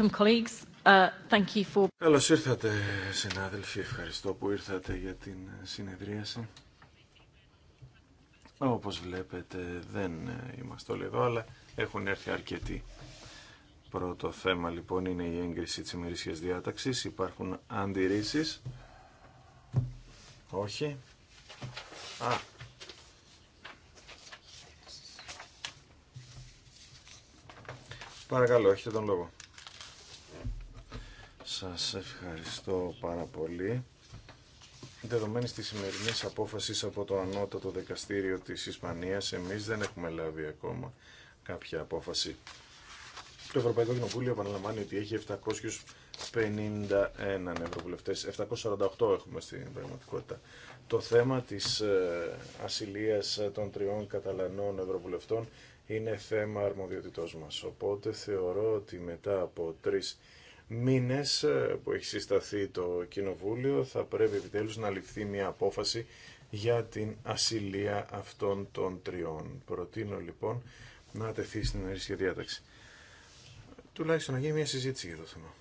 Welcome, uh, Καλώς ήρθατε συνάδελφοι, ευχαριστώ που ήρθατε για την συνεδρίαση. Όπως βλέπετε δεν είμαστε όλοι εδώ, αλλά έχουν έρθει αρκετοί. Πρώτο θέμα λοιπόν είναι η έγκριση της ημερήσιας διάταξης. Υπάρχουν αντιρρήσεις. Όχι. Α, Παρακαλώ, έχετε τον λόγο. Σας ευχαριστώ πάρα πολύ. Δεδομένης της σημερινής απόφασης από το Ανώτατο Δικαστήριο της Ισπανίας, εμείς δεν έχουμε λάβει ακόμα κάποια απόφαση. Το Ευρωπαϊκό Κοινοβούλιο επαναλαμβάνει ότι έχει 751 ναι, ευρωβουλευτές, 748 έχουμε στην πραγματικότητα. Το θέμα της ε, ασυλίας των τριών καταλανών ευρωβουλευτών είναι θέμα αρμοδιότητός μας. Οπότε θεωρώ ότι μετά από τρεις μήνες ε, που έχει συσταθεί το Κοινοβούλιο θα πρέπει επιτέλους να ληφθεί μια απόφαση για την ασυλία αυτών των τριών. Προτείνω λοιπόν να τεθεί στην αριστερή διάταξη. Τουλάχιστον να γίνει μια συζήτηση για το θέμα.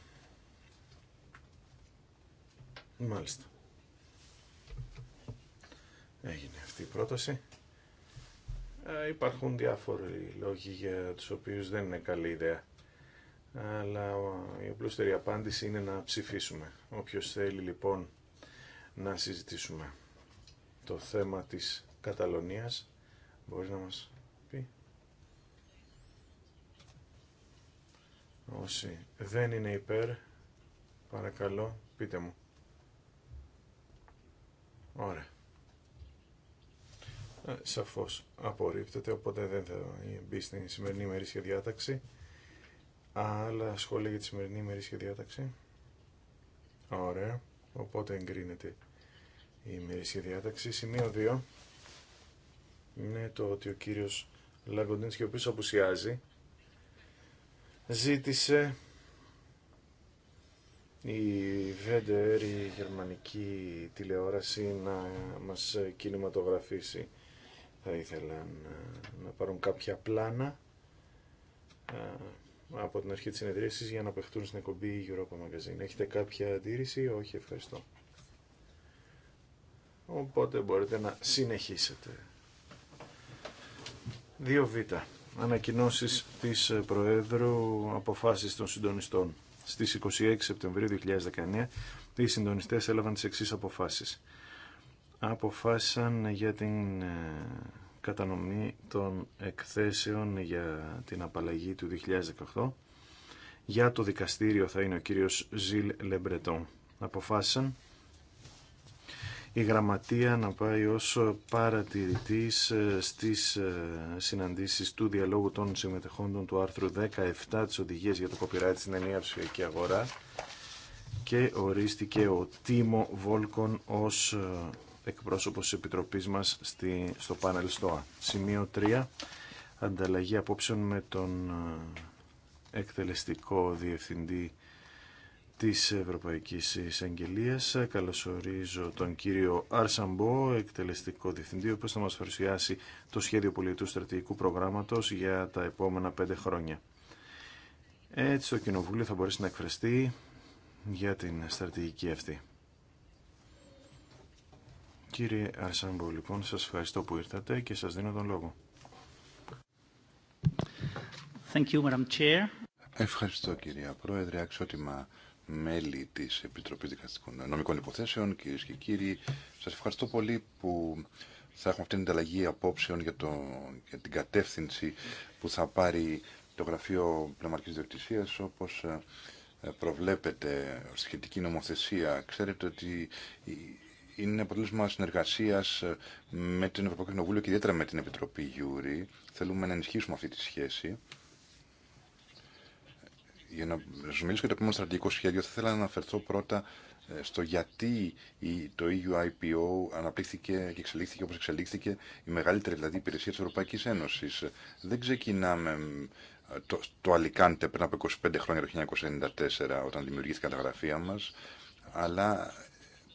Μάλιστα. Έγινε αυτή η πρόταση. Ε, υπάρχουν διάφοροι λόγοι για τους οποίους δεν είναι καλή ιδέα αλλά η απλούστερη απάντηση είναι να ψηφίσουμε. Όποιος θέλει λοιπόν να συζητήσουμε το θέμα της Καταλωνίας μπορεί να μας πει. Όσοι δεν είναι υπέρ, παρακαλώ πείτε μου. Ωραία. Ε, σαφώς απορρίπτεται, οπότε δεν θα μπει στην σημερινή ημερήσια διάταξη άλλα σχόλια για τη σημερινή ημερήσια διάταξη. Ωραία. Οπότε εγκρίνεται η ημερήσια διάταξη. Σημείο 2 είναι το ότι ο κύριος Λαγκοντίνσκι, ο οποίος απουσιάζει, ζήτησε η VDR, η γερμανική τηλεόραση, να μας κινηματογραφήσει. Θα ήθελαν να πάρουν κάποια πλάνα από την αρχή της συνεδρίασης για να παιχτούν στην εκπομπή Europa Magazine. Έχετε κάποια αντίρρηση, όχι ευχαριστώ. Οπότε μπορείτε να συνεχίσετε. 2β. Ανακοινώσεις της Προέδρου αποφάσεις των συντονιστών. Στις 26 Σεπτεμβρίου 2019 οι συντονιστές έλαβαν τις εξής αποφάσεις. Αποφάσισαν για την ε, κατανομή των εκθέσεων για την απαλλαγή του 2018. Για το δικαστήριο θα είναι ο κύριος Ζιλ Λεμπρετόν. Αποφάσισαν η γραμματεία να πάει ως παρατηρητής ε, στις ε, συναντήσεις του διαλόγου των συμμετεχόντων του άρθρου 17 της οδηγίας για το copyright στην ενία ψηφιακή αγορά και ορίστηκε ο Τίμο Βόλκον ως ε, εκπρόσωπος της Επιτροπής μας στη, στο πάνελ ΣΤΟΑ. Σημείο 3. Ανταλλαγή απόψεων με τον ε, εκτελεστικό διευθυντή της Ευρωπαϊκής Εισαγγελίας. Καλωσορίζω τον κύριο Αρσαμπό, εκτελεστικό διευθυντή, ο οποίος θα μας παρουσιάσει το σχέδιο πολιτικού στρατηγικού προγράμματος για τα επόμενα πέντε χρόνια. Έτσι το Κοινοβούλιο θα μπορέσει να εκφραστεί για την στρατηγική αυτή. Κύριε Αρσάμπο, λοιπόν, σας ευχαριστώ που ήρθατε και σας δίνω τον λόγο. Thank you, Madam Chair. Ευχαριστώ, κυρία Πρόεδρε, αξιότιμα μέλη της Επιτροπής Δικαστικών Νομικών Υποθέσεων, κυρίες και κύριοι. Σας ευχαριστώ πολύ που θα έχουμε αυτή την ανταλλαγή απόψεων για, το, για την κατεύθυνση που θα πάρει το Γραφείο Πνευματικής Διοκτησίας, όπως ε, προβλέπεται σχετική νομοθεσία. Ξέρετε ότι είναι αποτέλεσμα συνεργασία ε, με την Ευρωπαϊκή Κοινοβούλιο και ιδιαίτερα με την Επιτροπή Γιούρη. Θέλουμε να ενισχύσουμε αυτή τη σχέση. Για να σα μιλήσω για το επόμενο στρατηγικό σχέδιο, θα ήθελα να αναφερθώ πρώτα ε, στο γιατί το EUIPO αναπτύχθηκε και εξελίχθηκε όπως εξελίχθηκε η μεγαλύτερη δηλαδή υπηρεσία της Ευρωπαϊκής Ένωσης. Δεν ξεκινάμε ε, το, το Αλικάντε πριν από 25 χρόνια το 1994 όταν δημιουργήθηκαν τα γραφεία μας αλλά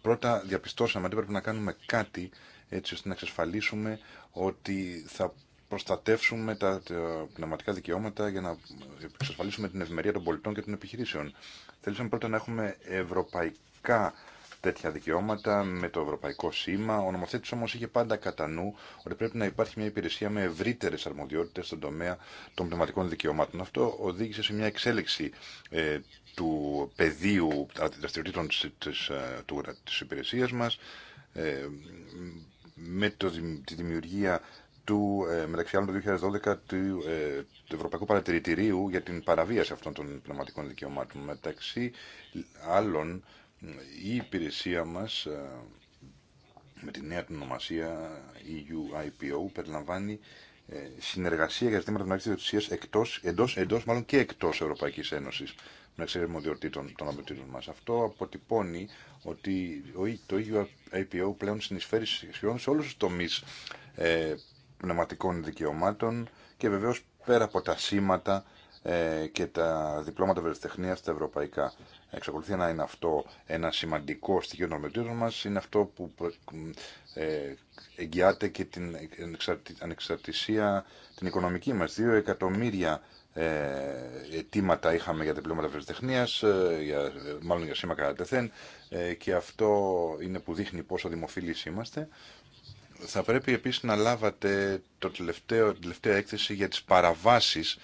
Πρώτα διαπιστώσαμε ότι πρέπει να κάνουμε κάτι έτσι ώστε να εξασφαλίσουμε ότι θα προστατεύσουμε τα πνευματικά δικαιώματα για να εξασφαλίσουμε την ευημερία των πολιτών και των επιχειρήσεων. Θέλησαμε πρώτα να έχουμε ευρωπαϊκά τέτοια δικαιώματα με το ευρωπαϊκό σήμα. Ο νομοθέτη όμω είχε πάντα κατά νου ότι πρέπει να υπάρχει μια υπηρεσία με ευρύτερε αρμοδιότητε στον τομέα των πνευματικών δικαιωμάτων. Αυτό οδήγησε σε μια εξέλιξη ε, του πεδίου δραστηριοτήτων τη ε, υπηρεσία μα ε, με το, τη δημιουργία του, ε, μεταξύ άλλων το 2012 του, ε, του, Ευρωπαϊκού Παρατηρητηρίου για την παραβίαση αυτών των πνευματικών δικαιωμάτων. Μεταξύ άλλων η υπηρεσία μας ε, με τη νέα την ονομασία EU IPO περιλαμβάνει ε, συνεργασία για ζητήματα μεταξύ ιδιοκτησίας εκτός, εντός, εντός μάλλον και εκτός Ευρωπαϊκής Ένωσης μεταξύ αρμοδιοτήτων των απαιτήτων μας. Αυτό αποτυπώνει ότι e, το EUIPO IPO πλέον συνεισφέρει σχεδόν σε όλους τους τομείς ε, πνευματικών δικαιωμάτων και βεβαίως πέρα από τα σήματα ε, και τα διπλώματα βελτιστεχνίας στα ευρωπαϊκά εξακολουθεί να είναι αυτό ένα σημαντικό στοιχείο των μας, είναι αυτό που ε, εγγυάται και την ανεξαρτησία την οικονομική μας. Δύο εκατομμύρια ε, αιτήματα είχαμε για τα πληρώματα ε, για, μάλλον για σήμα κατά τεθέν, και αυτό είναι που δείχνει πόσο δημοφιλείς είμαστε. Θα πρέπει επίσης να λάβατε το τελευταίο, τελευταία έκθεση για τις παραβάσεις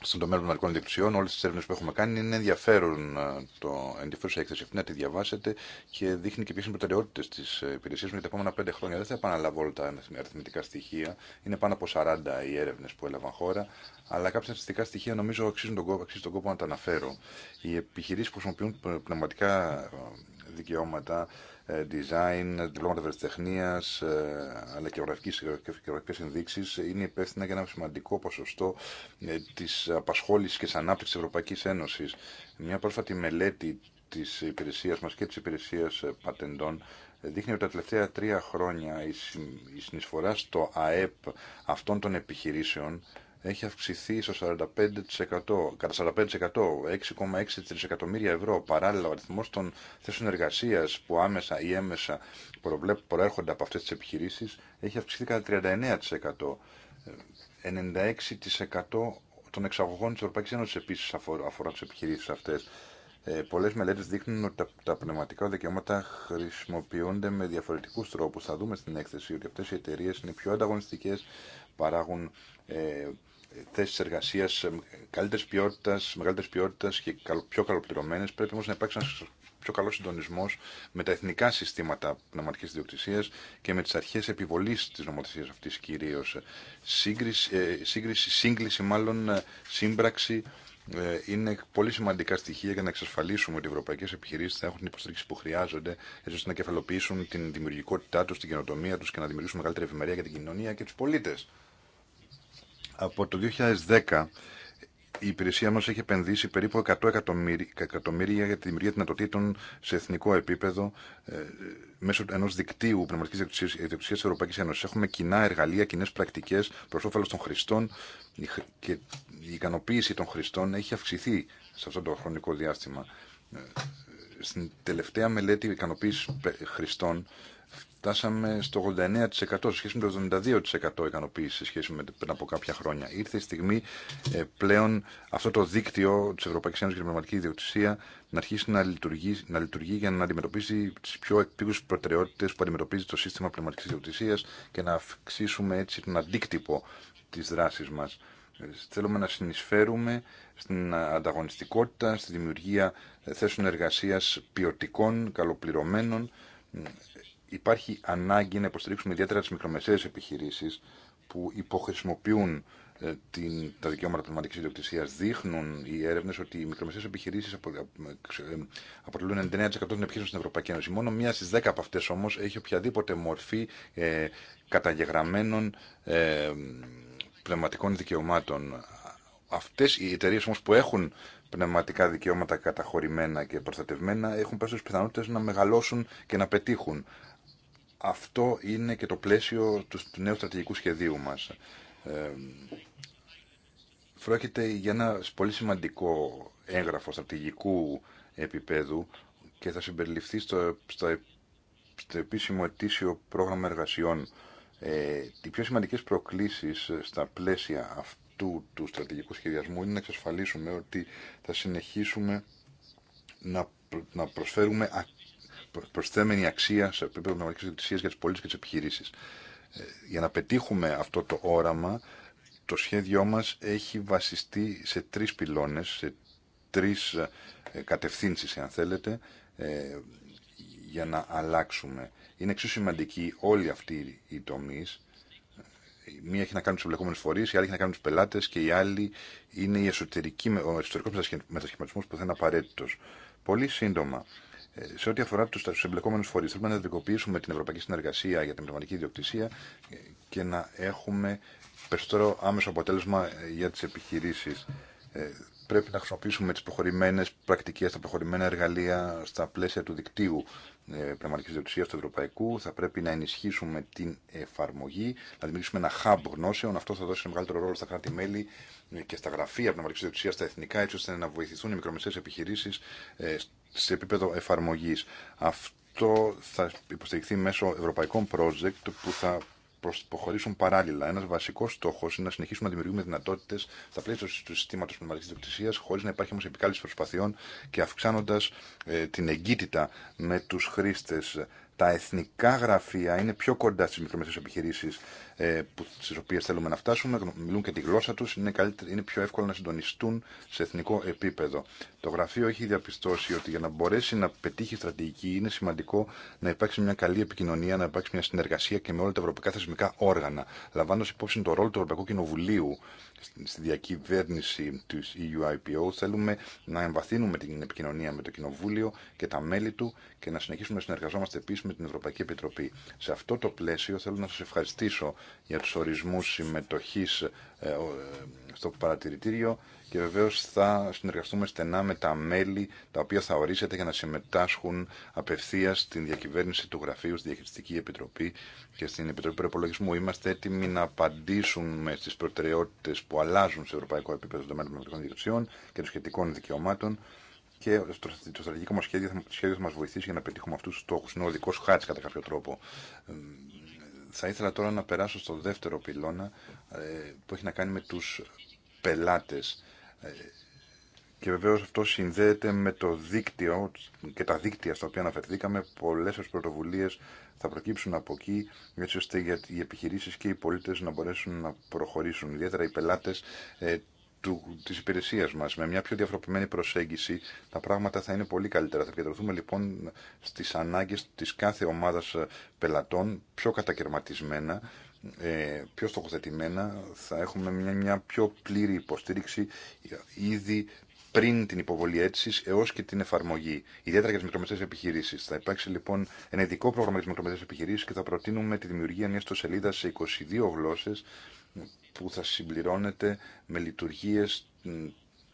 στον τομέα των μαρικών δεξιών όλε τι έρευνε που έχουμε κάνει, είναι ενδιαφέρον ε, το ενδιαφέρουσα έκθεση αυτή να τη διαβάσετε και δείχνει και ποιε είναι οι προτεραιότητε τη ε, υπηρεσία μου για τα επόμενα πέντε χρόνια. Δεν θα επαναλάβω όλα τα αριθμητικά στοιχεία. Είναι πάνω από 40 οι έρευνε που έλαβαν χώρα. Αλλά κάποια αριθμητικά στοιχεία νομίζω αξίζουν τον κόπο, αξίζει τον κόπο να τα αναφέρω. Οι επιχειρήσει που χρησιμοποιούν πνευματικά ε, δικαιώματα ε, design, διπλώματα ευρεσιτεχνία, ε, αλλά και γραφικέ ενδείξει, είναι υπεύθυνα για ένα σημαντικό ποσοστό ε, τη απασχόληση και τη ανάπτυξη τη Ευρωπαϊκή Ένωση. Μια πρόσφατη μελέτη τη υπηρεσία μα και τη υπηρεσία πατεντών δείχνει ότι τα τελευταία τρία χρόνια η συνεισφορά στο ΑΕΠ αυτών των επιχειρήσεων έχει αυξηθεί στο 45%, κατά 45%, 6,6 τρισεκατομμύρια ευρώ. Παράλληλα, ο αριθμό των θέσεων εργασία που άμεσα ή έμεσα προέρχονται από αυτέ τι επιχειρήσει έχει αυξηθεί κατά 39%. 96% ε, των εξαγωγών τη Ευρωπαϊκή Ένωση επίση αφορά τι επιχειρήσει αυτέ. Ε, Πολλέ μελέτε δείχνουν ότι τα, τα πνευματικά δικαιώματα χρησιμοποιούνται με διαφορετικού τρόπου. Θα δούμε στην έκθεση ότι αυτέ οι εταιρείε είναι πιο ανταγωνιστικέ, παράγουν ε, θέσει εργασία ε, καλύτερη ποιότητα, μεγαλύτερη ποιότητα και πιο καλοπληρωμένε. Πρέπει όμω να υπάρξει ένα πιο καλό συντονισμό με τα εθνικά συστήματα πνευματική ιδιοκτησία και με τι αρχέ επιβολή τη νομοθεσία αυτή κυρίω. Σύγκριση, ε, σύγκριση, σύγκληση, μάλλον ε, σύμπραξη είναι πολύ σημαντικά στοιχεία για να εξασφαλίσουμε ότι οι ευρωπαϊκέ επιχειρήσει θα έχουν την υποστήριξη που χρειάζονται, έτσι ώστε να κεφαλοποιήσουν την δημιουργικότητά του, την καινοτομία του και να δημιουργήσουν μεγαλύτερη ευημερία για την κοινωνία και του πολίτε. Από το 2010 η υπηρεσία μας έχει επενδύσει περίπου 100 εκατομμύρια για τη δημιουργία δυνατοτήτων σε εθνικό επίπεδο ε, μέσω ενός δικτύου πνευματικής ιδιοκτησίας της Ευρωπαϊκής Ένωσης. Έχουμε κοινά εργαλεία, κοινέ πρακτικές προς όφελος των χρηστών και η ικανοποίηση των χρηστών έχει αυξηθεί σε αυτό το χρονικό διάστημα. Ε, στην τελευταία μελέτη ικανοποίηση χρηστών Φτάσαμε στο 89% σε σχέση με το 72% ικανοποίηση σε σχέση με πριν από κάποια χρόνια. Ήρθε η στιγμή ε, πλέον αυτό το δίκτυο τη Ευρωπαϊκή Ένωση για την Πνευματική Ιδιοκτησία να αρχίσει να λειτουργεί, να λειτουργεί για να αντιμετωπίσει τι πιο επίγουσε προτεραιότητε που αντιμετωπίζει το σύστημα πνευματική ιδιοκτησία και να αυξήσουμε έτσι τον αντίκτυπο τη δράση μα. Ε, θέλουμε να συνεισφέρουμε στην ανταγωνιστικότητα, στη δημιουργία ε, θέσεων εργασία ποιοτικών, καλοπληρωμένων υπάρχει ανάγκη να υποστηρίξουμε ιδιαίτερα τι μικρομεσαίες επιχειρήσει που υποχρησιμοποιούν ε, την, τα δικαιώματα πνευματικής ιδιοκτησία. Δείχνουν οι έρευνε ότι οι μικρομεσαίες επιχειρήσεις ε, αποτελούν 99% των επιχειρήσεων στην Ευρωπαϊκή Ένωση. Μόνο μία στι 10 από αυτέ όμω έχει οποιαδήποτε μορφή ε, καταγεγραμμένων ε, πνευματικών δικαιωμάτων. Αυτέ οι εταιρείε όμω που έχουν πνευματικά δικαιώματα καταχωρημένα και προστατευμένα έχουν τι πιθανότητε να μεγαλώσουν και να πετύχουν αυτό είναι και το πλαίσιο του, νέου στρατηγικού σχεδίου μας. Ε, για ένα πολύ σημαντικό έγγραφο στρατηγικού επίπεδου και θα συμπεριληφθεί στο, στο, επίσημο ετήσιο πρόγραμμα εργασιών. Ε, οι πιο σημαντικές προκλήσεις στα πλαίσια αυτού του στρατηγικού σχεδιασμού είναι να εξασφαλίσουμε ότι θα συνεχίσουμε να, να προσφέρουμε προσθέμενη αξία σε επίπεδο πνευματική για τι πολίτε και τι επιχειρήσει. Ε, για να πετύχουμε αυτό το όραμα, το σχέδιό μα έχει βασιστεί σε τρει πυλώνε, σε τρει ε, κατευθύνσει, αν θέλετε, ε, για να αλλάξουμε. Είναι εξίσου σημαντική όλοι αυτοί οι τομείς. μία έχει να κάνει του εμπλεκόμενου φορεί, η άλλη έχει να κάνει του πελάτε και η άλλη είναι η εσωτερική, ο εσωτερικό μετασχηματισμό που θα είναι απαραίτητο. Πολύ σύντομα, ε, σε ό,τι αφορά του εμπλεκόμενου φορεί, θέλουμε να δικοποιήσουμε την ευρωπαϊκή συνεργασία για την πνευματική ιδιοκτησία και να έχουμε περισσότερο άμεσο αποτέλεσμα ε, για τι επιχειρήσει. Ε, πρέπει να χρησιμοποιήσουμε τι προχωρημένε πρακτικέ, τα προχωρημένα εργαλεία στα πλαίσια του δικτύου πνευματική ιδιοκτησία του Ευρωπαϊκού. Θα πρέπει να ενισχύσουμε την εφαρμογή, να δημιουργήσουμε ένα hub γνώσεων. Αυτό θα δώσει ένα μεγαλύτερο ρόλο στα κράτη-μέλη και στα γραφεία πνευματική ιδιοκτησία, στα εθνικά, έτσι ώστε να βοηθηθούν οι μικρομεσαίε επιχειρήσει σε επίπεδο εφαρμογής. Αυτό θα υποστηριχθεί μέσω ευρωπαϊκών project που θα προχωρήσουν παράλληλα. Ένα βασικό στόχο είναι να συνεχίσουμε να δημιουργούμε δυνατότητε στα πλαίσια του συστήματο πνευματική διοκτησία, χωρί να υπάρχει όμω επικάλυψη προσπαθειών και αυξάνοντα ε, την εγκύτητα με του χρήστε. Τα εθνικά γραφεία είναι πιο κοντά στι μικρομεσαίε επιχειρήσει ε, στι οποίε θέλουμε να φτάσουμε, μιλούν και τη γλώσσα του, είναι, είναι πιο εύκολο να συντονιστούν σε εθνικό επίπεδο. Το γραφείο έχει διαπιστώσει ότι για να μπορέσει να πετύχει στρατηγική είναι σημαντικό να υπάρξει μια καλή επικοινωνία, να υπάρξει μια συνεργασία και με όλα τα ευρωπαϊκά θεσμικά όργανα. Λαμβάνοντα υπόψη το ρόλο του Ευρωπαϊκού Κοινοβουλίου στη διακυβέρνηση του EUIPO, θέλουμε να εμβαθύνουμε την επικοινωνία με το Κοινοβούλιο και τα μέλη του και να συνεχίσουμε να συνεργαζόμαστε επίση με την Ευρωπαϊκή Επιτροπή. Σε αυτό το πλαίσιο θέλω να σα ευχαριστήσω για τους ορισμούς συμμετοχής ε, ε, στο παρατηρητήριο και βεβαίως θα συνεργαστούμε στενά με τα μέλη τα οποία θα ορίσετε για να συμμετάσχουν απευθείας στην διακυβέρνηση του γραφείου, στη Διαχειριστική Επιτροπή και στην Επιτροπή Προπολογισμού. Είμαστε έτοιμοι να απαντήσουμε στις προτεραιότητες που αλλάζουν σε ευρωπαϊκό επίπεδο των τομέα των ευρωπαϊκών και των σχετικών δικαιωμάτων και το στρατηγικό μα σχέδιο, σχέδιο θα μα βοηθήσει για να πετύχουμε αυτού του στόχου. Είναι ο δικό κατά κάποιο τρόπο. Θα ήθελα τώρα να περάσω στο δεύτερο πυλώνα ε, που έχει να κάνει με τους πελάτες. Ε, και βεβαίως αυτό συνδέεται με το δίκτυο και τα δίκτυα στα οποία αναφερθήκαμε. Πολλές ως πρωτοβουλίες θα προκύψουν από εκεί, έτσι ώστε οι επιχειρήσεις και οι πολίτες να μπορέσουν να προχωρήσουν. Ιδιαίτερα οι πελάτες ε, του, της υπηρεσίας μας. Με μια πιο διαφοροποιημένη προσέγγιση τα πράγματα θα είναι πολύ καλύτερα. Θα επικεντρωθούμε λοιπόν στις ανάγκες της κάθε ομάδας ε, πελατών πιο κατακαιρματισμένα, ε, πιο στοχοθετημένα. Θα έχουμε μια, μια πιο πλήρη υποστήριξη ε, ήδη πριν την υποβολή αίτηση έω και την εφαρμογή. Ιδιαίτερα για τι μικρομεσαίε επιχειρήσει. Θα υπάρξει λοιπόν ένα ειδικό πρόγραμμα για τι μικρομεσαίε επιχειρήσει και θα προτείνουμε τη δημιουργία μια ιστοσελίδα σε 22 γλώσσε που θα συμπληρώνεται με λειτουργίες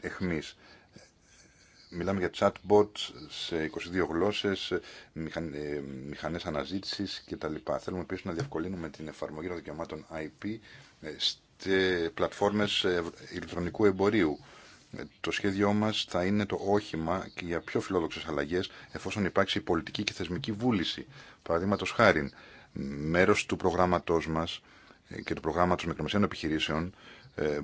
εχμής. Μιλάμε για chatbots σε 22 γλώσσες, ε, μηχανές αναζήτησης κτλ. Θέλουμε επίσης να διευκολύνουμε την εφαρμογή των δικαιωμάτων IP ε, σε πλατφόρμες ε, ηλεκτρονικού εμπορίου. Το σχέδιό μας θα είναι το όχημα και για πιο φιλόδοξες αλλαγές εφόσον υπάρξει πολιτική και θεσμική βούληση. Παραδείγματο χάρη, μέρος του προγράμματός μας και του των μικρομεσαίων επιχειρήσεων ε,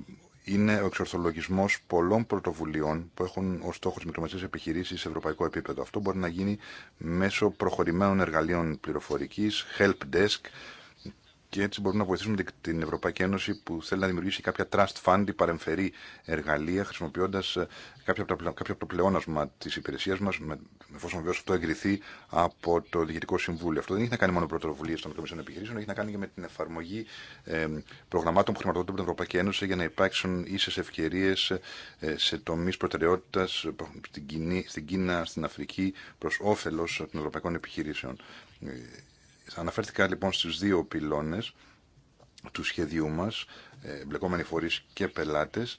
είναι ο εξορθολογισμό πολλών πρωτοβουλειών που έχουν ω στόχο τι μικρομεσαίε επιχειρήσει σε ευρωπαϊκό επίπεδο. Αυτό μπορεί να γίνει μέσω προχωρημένων εργαλείων πληροφορική, help desk, και έτσι μπορούμε να βοηθήσουμε την Ευρωπαϊκή Ένωση που θέλει να δημιουργήσει κάποια trust fund ή παρεμφερή εργαλεία χρησιμοποιώντα ε, κάποιο από το πλεόνασμα τη υπηρεσία μα, εφόσον βεβαίω αυτό εγκριθεί από το Διοικητικό Συμβούλιο. Αυτό δεν έχει να κάνει μόνο με πρωτοβουλίε των μικρομεσαίων επιχειρήσεων, έχει να κάνει και με την εφαρμογή ε, προγραμμάτων που χρηματοδοτούν από την Ευρωπαϊκή Ένωση για να υπάρξουν ίσε ευκαιρίε ε, σε τομεί προτεραιότητα στην Κίνα, στην Αφρική, προ όφελο των ευρωπαϊκών επιχειρήσεων. Αναφέρθηκα λοιπόν στους δύο πυλώνες του σχεδίου μας, ε, μπλεκόμενοι φορείς και πελάτες.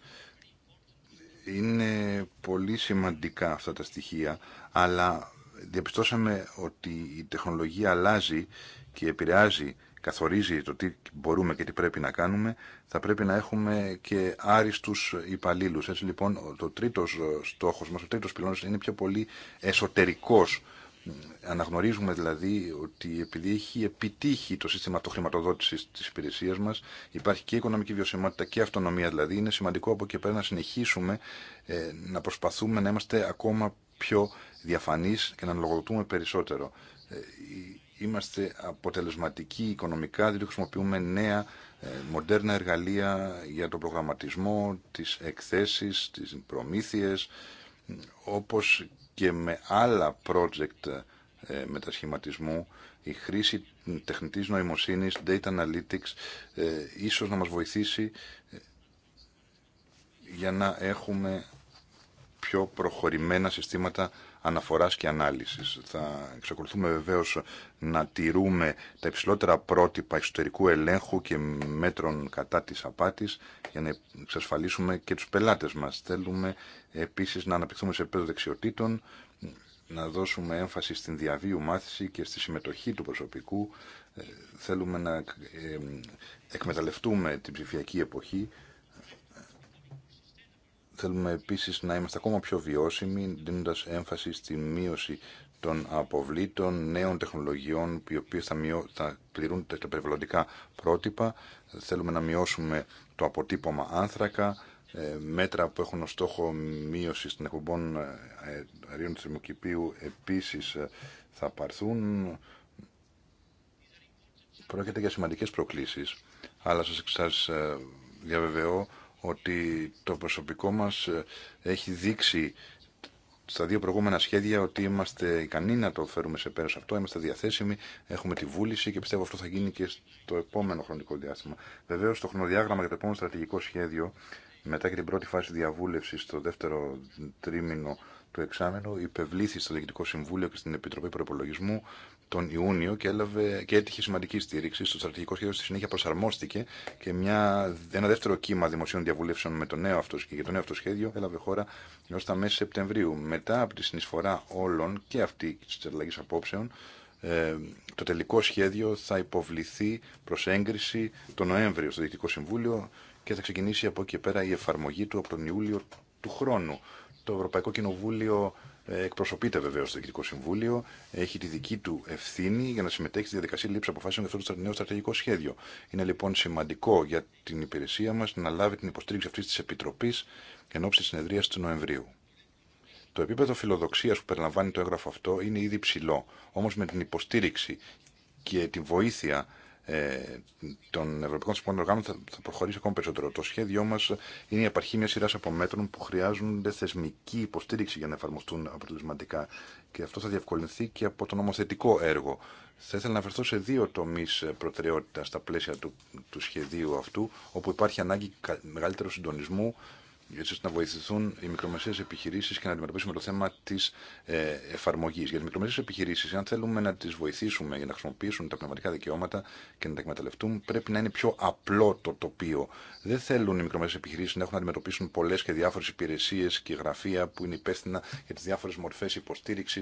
Είναι πολύ σημαντικά αυτά τα στοιχεία, αλλά διαπιστώσαμε ότι η τεχνολογία αλλάζει και επηρεάζει, καθορίζει το τι μπορούμε και τι πρέπει να κάνουμε, θα πρέπει να έχουμε και άριστους υπαλλήλους. Έτσι λοιπόν το τρίτος ε, στόχος μας, ο τρίτος πυλώνας είναι πιο πολύ εσωτερικός Αναγνωρίζουμε δηλαδή ότι επειδή έχει επιτύχει το σύστημα το χρηματοδότησης της μα, μας, υπάρχει και οικονομική βιωσιμότητα και αυτονομία δηλαδή, είναι σημαντικό από εκεί πέρα να συνεχίσουμε ε, να προσπαθούμε να είμαστε ακόμα πιο διαφανεί και να λογοδοτούμε περισσότερο. Ε, είμαστε αποτελεσματικοί οικονομικά, διότι χρησιμοποιούμε νέα ε, μοντέρνα εργαλεία για τον προγραμματισμό, τις εκθέσεις, τις προμήθειες, όπως και με άλλα project ε, μετασχηματισμού η χρήση τεχνητής νοημοσύνης, data analytics, ε, ίσως να μας βοηθήσει ε, για να έχουμε πιο προχωρημένα συστήματα αναφοράς και ανάλυσης. Θα εξακολουθούμε βεβαίως να τηρούμε τα υψηλότερα πρότυπα εξωτερικού ελέγχου και μέτρων κατά της απάτης για να εξασφαλίσουμε και τους πελάτες μας. Θέλουμε επίσης να αναπτυχθούμε σε επίπεδο δεξιοτήτων, να δώσουμε έμφαση στην διαβίου μάθηση και στη συμμετοχή του προσωπικού. Ε, θέλουμε να ε, εκμεταλλευτούμε την ψηφιακή εποχή Θέλουμε επίσης να είμαστε ακόμα πιο βιώσιμοι, δίνοντας έμφαση στη μείωση των αποβλήτων νέων τεχνολογιών, οι οποίες θα, θα πληρούν τα περιβαλλοντικά πρότυπα. Θέλουμε να μειώσουμε το αποτύπωμα άνθρακα, ε, μέτρα που έχουν ως στόχο μείωση των εκπομπών ε, αερίων του θερμοκηπίου επίσης ε, θα παρθούν. Πρόκειται για σημαντικές προκλήσεις, αλλά σας, σας διαβεβαιώ ότι το προσωπικό μας ε, έχει δείξει στα δύο προηγούμενα σχέδια ότι είμαστε ικανοί να το φέρουμε σε πέρα αυτό, είμαστε διαθέσιμοι, έχουμε τη βούληση και πιστεύω αυτό θα γίνει και στο επόμενο χρονικό διάστημα. Βεβαίω, το χρονοδιάγραμμα για το επόμενο στρατηγικό σχέδιο, μετά και την πρώτη φάση διαβούλευση στο δεύτερο τρίμηνο του εξάμενου, υπευλήθη στο Διοικητικό Συμβούλιο και στην Επιτροπή Προπολογισμού τον Ιούνιο και, έλαβε, και έτυχε σημαντική στήριξη. Στο στρατηγικό σχέδιο στη συνέχεια προσαρμόστηκε και μια, ένα δεύτερο κύμα δημοσίων διαβουλεύσεων με το νέο αυτό, και για το νέο αυτό σχέδιο έλαβε χώρα έω τα μέσα Σεπτεμβρίου. Μετά από τη συνεισφορά όλων και αυτή τη αλλαγή απόψεων, ε, το τελικό σχέδιο θα υποβληθεί προ έγκριση τον Νοέμβριο στο Διοικητικό Συμβούλιο και θα ξεκινήσει από εκεί και πέρα η εφαρμογή του από τον Ιούλιο του χρόνου. Το Ευρωπαϊκό Κοινοβούλιο ε, εκπροσωπείται βεβαίω στο Διοικητικό Συμβούλιο, έχει τη δική του ευθύνη για να συμμετέχει στη διαδικασία λήψη αποφάσεων για αυτό το νέο στρατηγικό σχέδιο. Είναι λοιπόν σημαντικό για την υπηρεσία μα να λάβει την υποστήριξη αυτή τη Επιτροπή εν ώψη τη συνεδρία του Νοεμβρίου. Το επίπεδο φιλοδοξία που περιλαμβάνει το έγγραφο αυτό είναι ήδη ψηλό. Όμω με την υποστήριξη και τη βοήθεια ε, των Ευρωπαϊκών Συμφωνών Οργάνων θα, προχωρήσει ακόμα περισσότερο. Το σχέδιό μα είναι η απαρχή μια σειρά από μέτρων που χρειάζονται θεσμική υποστήριξη για να εφαρμοστούν αποτελεσματικά. Και αυτό θα διευκολυνθεί και από το νομοθετικό έργο. Θα ήθελα να αφαιρθώ σε δύο τομεί προτεραιότητα στα πλαίσια του, του σχεδίου αυτού, όπου υπάρχει ανάγκη μεγαλύτερου συντονισμού έτσι ώστε να βοηθηθούν οι μικρομεσαίε επιχειρήσει και να αντιμετωπίσουμε το θέμα τη ε, εφαρμογή. Για τι μικρομεσαίε επιχειρήσει, αν θέλουμε να τι βοηθήσουμε για να χρησιμοποιήσουν τα πνευματικά δικαιώματα και να τα εκμεταλλευτούν, πρέπει να είναι πιο απλό το τοπίο. Δεν θέλουν οι μικρομεσαίε επιχειρήσει να έχουν να αντιμετωπίσουν πολλέ και διάφορε υπηρεσίε και γραφεία που είναι υπεύθυνα για τι διάφορε μορφέ υποστήριξη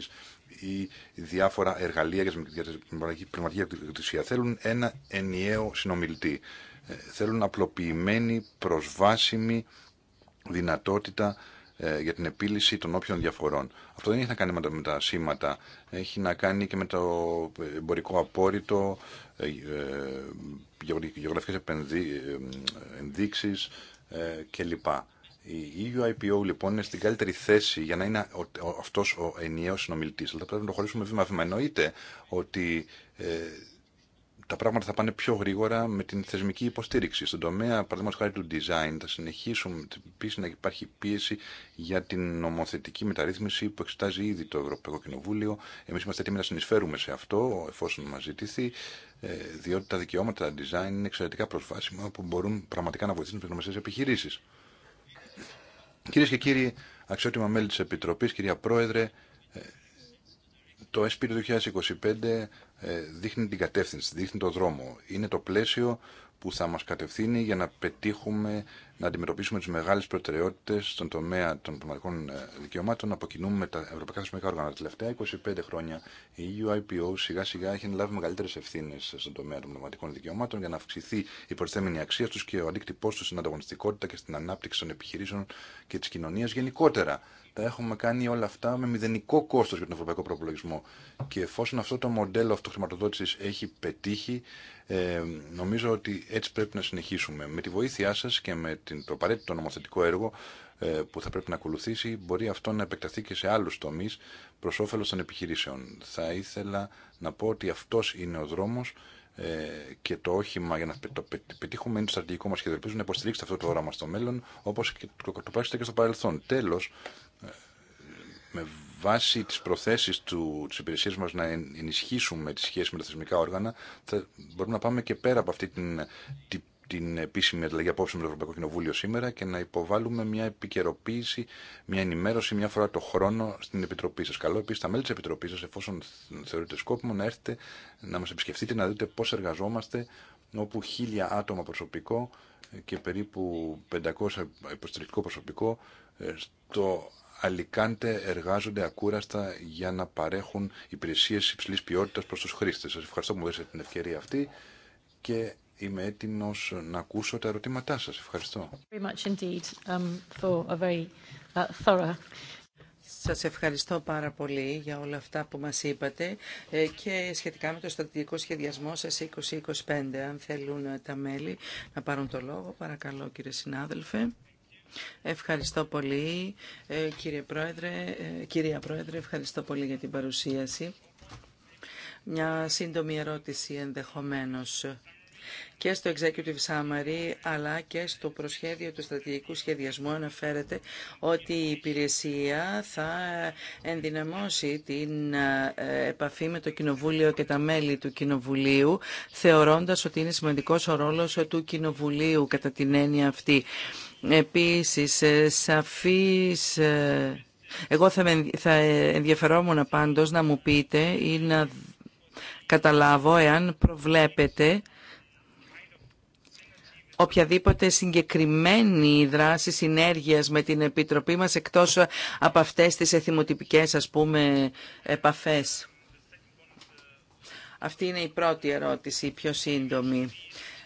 ή διάφορα εργαλεία για την πνευματική ιδιοκτησία. Θέλουν ένα ενιαίο συνομιλητή. Ε, θέλουν απλοποιημένη, προσβάσιμη δυνατότητα ε, για την επίλυση των όποιων διαφορών. Αυτό δεν έχει να κάνει με τα σήματα, έχει να κάνει και με το εμπορικό απόρριτο, ε, ε, γεωγραφικές ενδείξεις κλπ. Η EUIPO λοιπόν είναι στην καλύτερη θέση για να είναι αυτός ο ενιαίος συνομιλητής. Αλλά πρέπει να το χωρίσουμε βήμα-βήμα. Εννοείται ότι τα πράγματα θα πάνε πιο γρήγορα με την θεσμική υποστήριξη. Στον τομέα, παραδείγματο χάρη του design, θα συνεχίσουμε επίση να υπάρχει πίεση για την νομοθετική μεταρρύθμιση που εξετάζει ήδη το Ευρωπαϊκό Κοινοβούλιο. Εμεί είμαστε έτοιμοι να συνεισφέρουμε σε αυτό, εφόσον μα ζητηθεί, ε, διότι τα δικαιώματα design είναι εξαιρετικά προσβάσιμα που μπορούν πραγματικά να βοηθήσουν τι νομικέ επιχειρήσει. Κυρίε και κύριοι, αξιότιμα μέλη τη Επιτροπή, κυρία Πρόεδρε, ε, το 2025 ε, δείχνει την κατεύθυνση, δείχνει το δρόμο. Είναι το πλαίσιο που θα μας κατευθύνει για να πετύχουμε να αντιμετωπίσουμε τις μεγάλες προτεραιότητες στον τομέα των πνευματικών ε, δικαιωμάτων να αποκοινούμε με τα ευρωπαϊκά θεσμικά όργανα. Τα τελευταία 25 χρόνια η e UIPO σιγά σιγά έχει λάβει μεγαλύτερε ευθύνε στον τομέα των πνευματικών δικαιωμάτων για να αυξηθεί η προσθέμενη αξία του και ο αντίκτυπό του στην ανταγωνιστικότητα και στην ανάπτυξη των επιχειρήσεων και τη κοινωνία γενικότερα. Τα έχουμε κάνει όλα αυτά με μηδενικό κόστο για τον ευρωπαϊκό προπολογισμό. Και εφόσον αυτό το μοντέλο αυτοχρηματοδότησης έχει πετύχει. Ε, νομίζω ότι έτσι πρέπει να συνεχίσουμε. Με τη βοήθειά σας και με το απαραίτητο νομοθετικό έργο ε, που θα πρέπει να ακολουθήσει, μπορεί αυτό να επεκταθεί και σε άλλους τομείς προς όφελος των επιχειρήσεων. Θα ήθελα να πω ότι αυτός είναι ο δρόμος ε, και το όχημα για να το πετύχουμε είναι το στρατηγικό μας και ελπίζω να υποστηρίξετε αυτό το όραμα στο μέλλον, όπως και το πράξετε και στο παρελθόν. Τέλος, ε, με βάση τις προθέσεις τη υπηρεσία μα να ενισχύσουμε τι σχέσει με τα θεσμικά όργανα, θα μπορούμε να πάμε και πέρα από αυτή την, την, την επίσημη δηλαδή, απόψε με το Ευρωπαϊκό Κοινοβούλιο σήμερα και να υποβάλουμε μια επικαιροποίηση, μια ενημέρωση μια φορά το χρόνο στην Επιτροπή σα. Καλό επίση τα μέλη τη επιτροπή, σα, εφόσον θεωρείτε σκόπιμο, να έρθετε να μα επισκεφτείτε, να δείτε πώ εργαζόμαστε, όπου χίλια άτομα προσωπικό και περίπου 500 υποστηρικτικό προσωπικό ε, στο Αλικάντε εργάζονται ακούραστα για να παρέχουν υπηρεσίες υψηλής ποιότητα προς τους χρήστε. Σα ευχαριστώ που μου δώσατε την ευκαιρία αυτή και είμαι έτοιμος να ακούσω τα ερωτήματά σας. Ευχαριστώ. Um, uh, σας ευχαριστώ πάρα πολύ για όλα αυτά που μας είπατε ε, και σχετικά με το στρατηγικό σχεδιασμό σας 2025. Αν θέλουν τα μέλη να πάρουν το λόγο, παρακαλώ κύριε συνάδελφε. Ευχαριστώ πολύ ε, κύριε Πρόεδρε, ε, κυρία Πρόεδρε, ευχαριστώ πολύ για την παρουσίαση. Μια σύντομη ερώτηση ενδεχομένως και στο Executive Summary αλλά και στο προσχέδιο του στρατηγικού σχεδιασμού αναφέρεται ότι η υπηρεσία θα ενδυναμώσει την ε, επαφή με το Κοινοβούλιο και τα μέλη του Κοινοβουλίου θεωρώντας ότι είναι σημαντικός ο ρόλος του Κοινοβουλίου κατά την έννοια αυτή. Επίσης, ε, σαφής... Ε, εγώ θα ενδιαφερόμουν πάντως να μου πείτε ή να καταλάβω εάν προβλέπετε οποιαδήποτε συγκεκριμένη δράση συνέργειας με την Επιτροπή μας εκτός από αυτές τις εθιμοτυπικές ας πούμε επαφές. Αυτή είναι η πρώτη ερώτηση, η πιο σύντομη.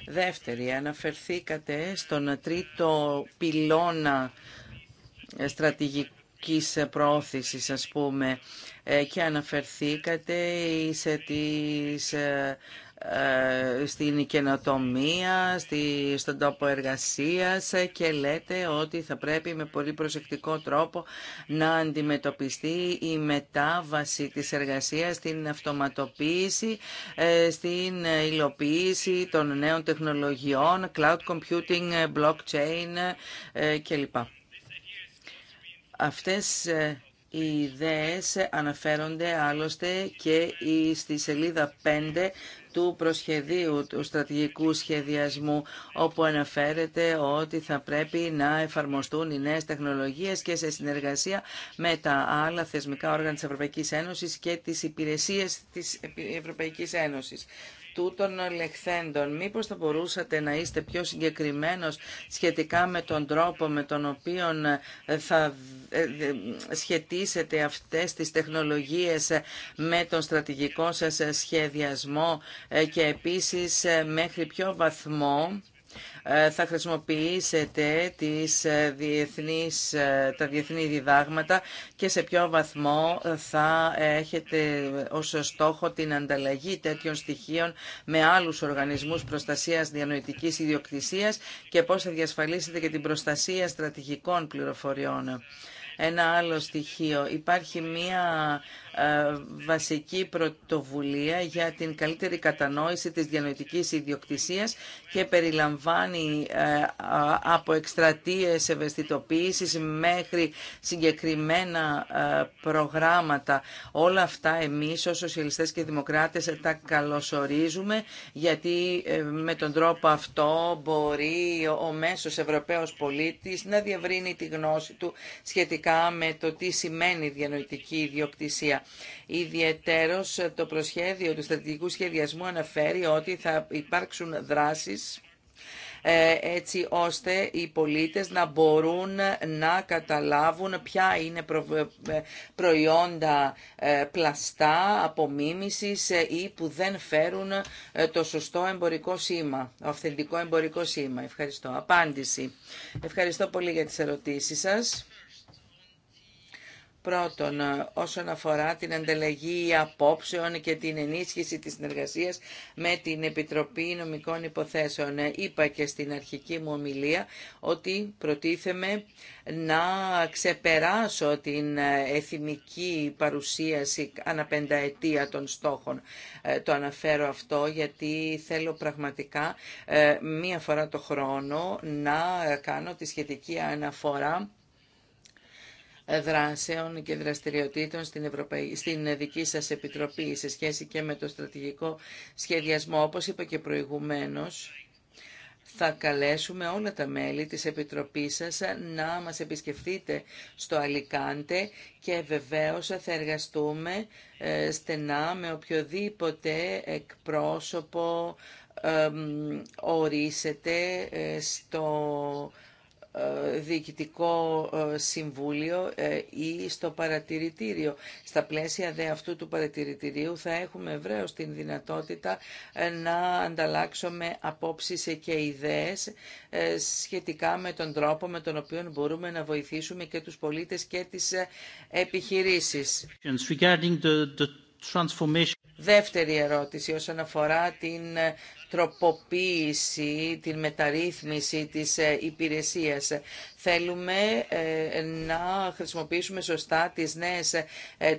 Δεύτερη, αναφερθήκατε στον τρίτο πυλώνα στρατηγικής προώθησης, ας πούμε, ε, και αναφερθήκατε σε τις ε, ε, στην καινοτομία, στη, στον τόπο εργασίας ε, και λέτε ότι θα πρέπει με πολύ προσεκτικό τρόπο να αντιμετωπιστεί η μετάβαση της εργασίας στην αυτοματοποίηση, ε, στην υλοποίηση των νέων τεχνολογιών, cloud computing, blockchain κλπ. Αυτές οι ιδέες αναφέρονται άλλωστε και στη σελίδα 5 του προσχεδίου, του στρατηγικού σχεδιασμού, όπου αναφέρεται ότι θα πρέπει να εφαρμοστούν οι νέες τεχνολογίες και σε συνεργασία με τα άλλα θεσμικά όργανα της Ευρωπαϊκής Ένωσης και τις υπηρεσίες της Ευρωπαϊκής Ένωσης τούτων λεχθέντων. Μήπως θα μπορούσατε να είστε πιο συγκεκριμένος σχετικά με τον τρόπο με τον οποίο ε, θα ε, ε, σχετίσετε αυτές τις τεχνολογίες με τον στρατηγικό σας σχεδιασμό και επίσης μέχρι ποιο βαθμό ε, θα χρησιμοποιήσετε τις ε, διεθνείς, ε, τα διεθνή διδάγματα και σε ποιο βαθμό θα έχετε ως στόχο την ανταλλαγή τέτοιων στοιχείων με άλλους οργανισμούς προστασίας διανοητικής ιδιοκτησίας και πώς θα διασφαλίσετε και την προστασία στρατηγικών πληροφοριών. Ένα άλλο στοιχείο. Υπάρχει μία ε, βασική πρωτοβουλία για την καλύτερη κατανόηση της διανοητικής ιδιοκτησίας και περιλαμβάνει ε, από εκστρατείες ευαισθητοποίησης μέχρι συγκεκριμένα ε, προγράμματα. Όλα αυτά εμείς ως σοσιαλιστές και δημοκράτες τα καλωσορίζουμε γιατί με τον τρόπο αυτό μπορεί ο μέσος Ευρωπαίος πολίτης να διευρύνει τη γνώση του σχετικά με το τι σημαίνει διανοητική ιδιοκτησία. Ιδιαιτέρως το προσχέδιο του στρατηγικού σχεδιασμού αναφέρει ότι θα υπάρξουν δράσεις ε, έτσι ώστε οι πολίτες να μπορούν να καταλάβουν ποια είναι ε, προϊόντα ε, πλαστά, απομίμησης ή που δεν φέρουν το σωστό εμπορικό σήμα, το αυθεντικό εμπορικό σήμα. Ευχαριστώ. Απάντηση. Ευχαριστώ πολύ για τις ερωτήσεις σας. Πρώτον, ε, όσον αφορά την ανταλλαγή απόψεων και την ενίσχυση της συνεργασίας με την Επιτροπή Νομικών Υποθέσεων. Ε, είπα και στην αρχική μου ομιλία ότι προτίθεμαι να ξεπεράσω την ε, εθνική παρουσίαση αναπενταετία των στόχων. Το αναφέρω αυτό γιατί θέλω πραγματικά μία φορά το χρόνο να κάνω τη σχετική αναφορά δράσεων και δραστηριοτήτων στην, Ευρωπαϊ... στην δική σας Επιτροπή σε σχέση και με το στρατηγικό σχεδιασμό. Όπως είπα και προηγουμένως, θα καλέσουμε όλα τα μέλη της Επιτροπής σας να μας επισκεφθείτε στο Αλικάντε και βεβαίως θα εργαστούμε ε, στενά με οποιοδήποτε εκπρόσωπο ορίσετε ε, στο ε, διοικητικό ε, συμβούλιο ε, ή στο παρατηρητήριο. Στα πλαίσια δε αυτού του παρατηρητηρίου θα έχουμε ευρέω την δυνατότητα να ανταλλάξουμε απόψεις και ιδέες σχετικά με τον τρόπο με τον οποίο μπορούμε να βοηθήσουμε και τους πολίτες και τις επιχειρήσεις. Δεύτερη ερώτηση όσον αφορά την ε, τροποποίηση, την μεταρρύθμιση της ε, υπηρεσίας. Θέλουμε ε, να χρησιμοποιήσουμε σωστά τις νέες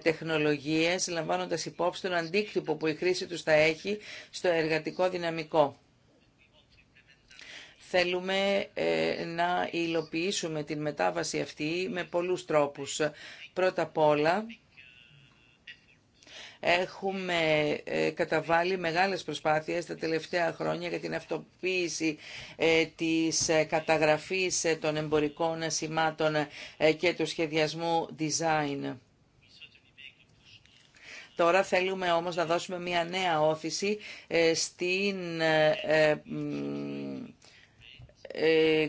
τεχνολογίες, λαμβάνοντας υπόψη τον αντίκτυπο που η χρήση τους θα έχει στο εργατικό δυναμικό. Θέλουμε να υλοποιήσουμε την μετάβαση αυτή με πολλούς τρόπους. Πρώτα απ' όλα, Έχουμε ε, καταβάλει μεγάλες προσπάθειες τα τελευταία χρόνια για την αυτοποίηση ε, της ε, καταγραφής των εμπορικών σημάτων και του σχεδιασμού design. Τώρα θέλουμε όμως να δώσουμε μια νέα όθηση στην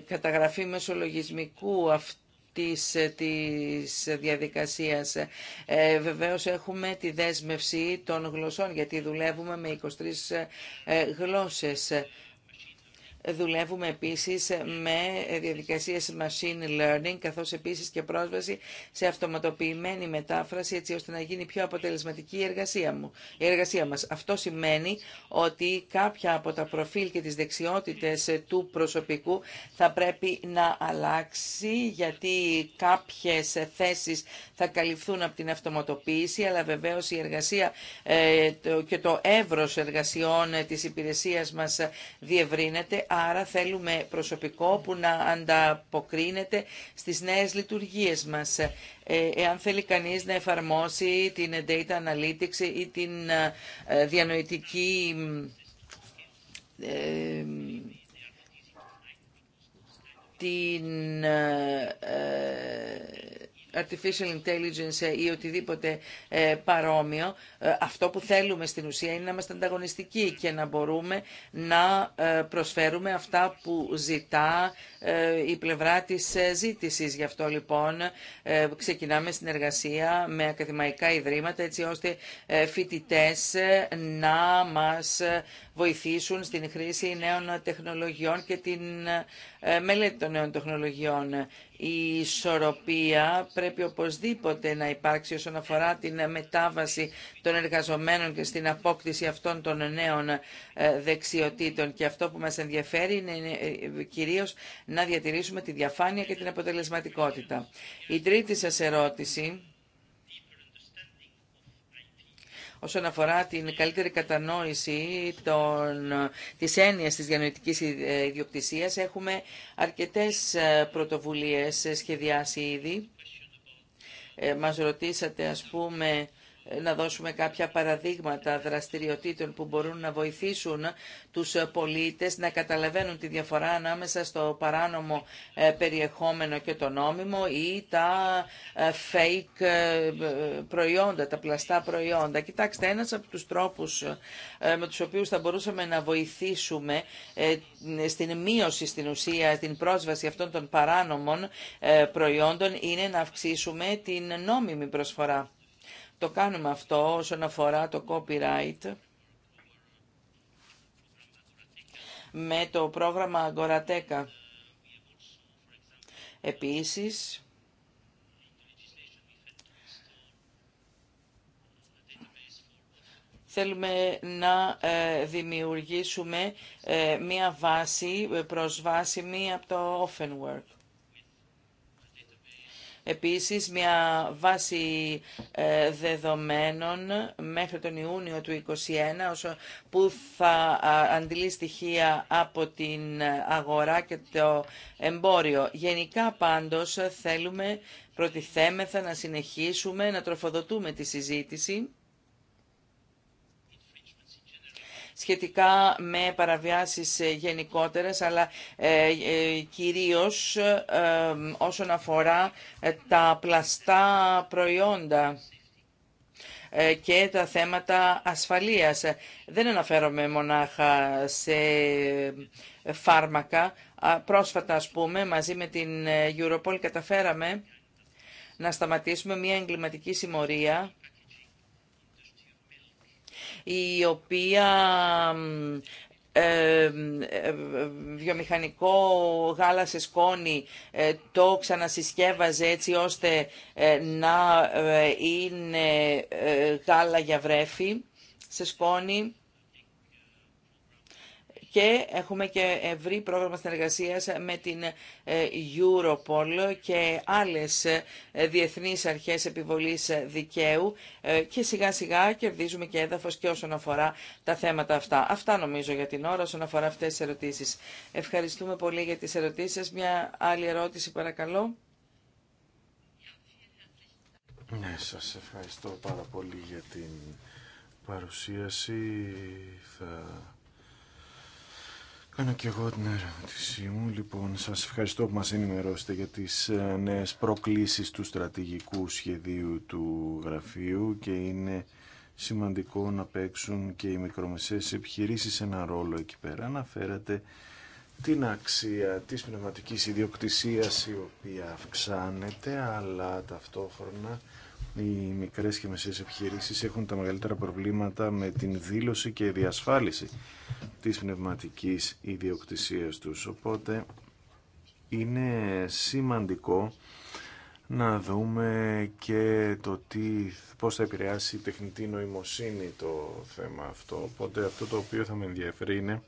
καταγραφή μεσολογισμικού αυτού της, ε, της διαδικασίας. Ε, βεβαίως έχουμε τη δέσμευση των γλωσσών γιατί δουλεύουμε με 23 ε, γλώσσες Δουλεύουμε επίσης με διαδικασίες machine learning, καθώς επίσης και πρόσβαση σε αυτοματοποιημένη μετάφραση, έτσι ώστε να γίνει πιο αποτελεσματική η εργασία, μου, η εργασία μας. Αυτό σημαίνει ότι κάποια από τα προφίλ και τις δεξιότητες του προσωπικού θα πρέπει να αλλάξει, γιατί κάποιες θέσεις θα καλυφθούν από την αυτοματοποίηση, αλλά βεβαίως η εργασία ε, και το εύρος εργασιών της υπηρεσίας μας διευρύνεται άρα θέλουμε προσωπικό που να ανταποκρίνεται στις νέες λειτουργίες μας. Ε, εάν θέλει κανείς να εφαρμόσει την data analytics ή την ε, διανοητική ε, την artificial intelligence ε, ή οτιδήποτε ε, παρόμοιο, ε, αυτό που θέλουμε στην ουσία είναι να είμαστε ανταγωνιστικοί και να μπορούμε να προσφέρουμε αυτά που ζητά η πλευρά της ζήτησης. Γι' αυτό λοιπόν ξεκινάμε συνεργασία με ακαδημαϊκά ιδρύματα έτσι ώστε φοιτητέ να μας βοηθήσουν στην χρήση νέων τεχνολογιών και την μελέτη των νέων τεχνολογιών η ισορροπία πρέπει οπωσδήποτε να υπάρξει όσον αφορά την μετάβαση των εργαζομένων και στην απόκτηση αυτών των νέων ε, δεξιοτήτων. Και αυτό που μας ενδιαφέρει είναι ε, ε, κυρίως να διατηρήσουμε τη διαφάνεια και την αποτελεσματικότητα. Η τρίτη σας ερώτηση όσον αφορά την καλύτερη κατανόηση των, της έννοιας της διανοητικής ιδιοκτησίας. Έχουμε αρκετές ε, πρωτοβουλίες ε, σχεδιάσει ήδη. Ε, μας ρωτήσατε, ας πούμε, ε, να δώσουμε κάποια παραδείγματα δραστηριοτήτων που μπορούν να βοηθήσουν τους ε, πολίτες να καταλαβαίνουν τη διαφορά ανάμεσα στο παράνομο ε, περιεχόμενο και το νόμιμο ή τα fake προϊόντα, τα πλαστά προϊόντα. Κοιτάξτε, ένας από τους τρόπους με τους οποίους θα μπορούσαμε να βοηθήσουμε στην μείωση στην ουσία, την πρόσβαση αυτών των παράνομων προϊόντων είναι να αυξήσουμε την νόμιμη προσφορά. Το κάνουμε αυτό όσον αφορά το copyright με το πρόγραμμα Αγκορατέκα. Επίσης, θέλουμε να ε, δημιουργήσουμε ε, μία βάση ε, προσβάσιμη από το Offenwork. Επίσης, μια βάση ε, δεδομένων μέχρι τον Ιούνιο του 2021, που θα αντιλεί στοιχεία από την αγορά και το εμπόριο. Γενικά, πάντως, θέλουμε, προτιθέμεθα να συνεχίσουμε να τροφοδοτούμε τη συζήτηση σχετικά με παραβιάσεις ε, γενικότερες, αλλά ε, ε, κυρίως όσον αφορά τα πλαστά προϊόντα και τα θέματα ασφαλείας. Δεν αναφέρομαι μονάχα σε φάρμακα. Πρόσφατα, ας πούμε, μαζί με την Europol καταφέραμε να σταματήσουμε μια εγκληματική συμμορία η οποία ε, βιομηχανικό γάλα σε σκόνη ε, το ξανασυσκεύαζε έτσι ώστε ε, να είναι γάλα για βρέφη σε σκόνη και έχουμε και ευρύ πρόγραμμα συνεργασίας με την ε, Europol και άλλες ε, διεθνείς αρχές επιβολής δικαίου ε, και σιγά σιγά κερδίζουμε και έδαφος και όσον αφορά τα θέματα αυτά. Αυτά νομίζω για την ώρα όσον αφορά αυτές τις ερωτήσεις. Ευχαριστούμε πολύ για τις ερωτήσεις Μια άλλη ερώτηση παρακαλώ. Ναι, σας ευχαριστώ πάρα πολύ για την παρουσίαση. Θα Κάνω και εγώ την ερώτησή μου. Λοιπόν, σα ευχαριστώ που μα ενημερώσετε για τι ε, νέε προκλήσει του στρατηγικού σχεδίου του γραφείου και είναι σημαντικό να παίξουν και οι μικρομεσαίες επιχειρήσεις ένα ρόλο εκεί πέρα. Αναφέρατε την αξία της πνευματικής ιδιοκτησίας η οποία αυξάνεται αλλά ταυτόχρονα οι μικρές και μεσαίες επιχειρήσεις έχουν τα μεγαλύτερα προβλήματα με την δήλωση και διασφάλιση της πνευματικής ιδιοκτησίας τους. Οπότε είναι σημαντικό να δούμε και το τι, πώς θα επηρεάσει η τεχνητή νοημοσύνη το θέμα αυτό. Οπότε αυτό το οποίο θα με ενδιαφέρει είναι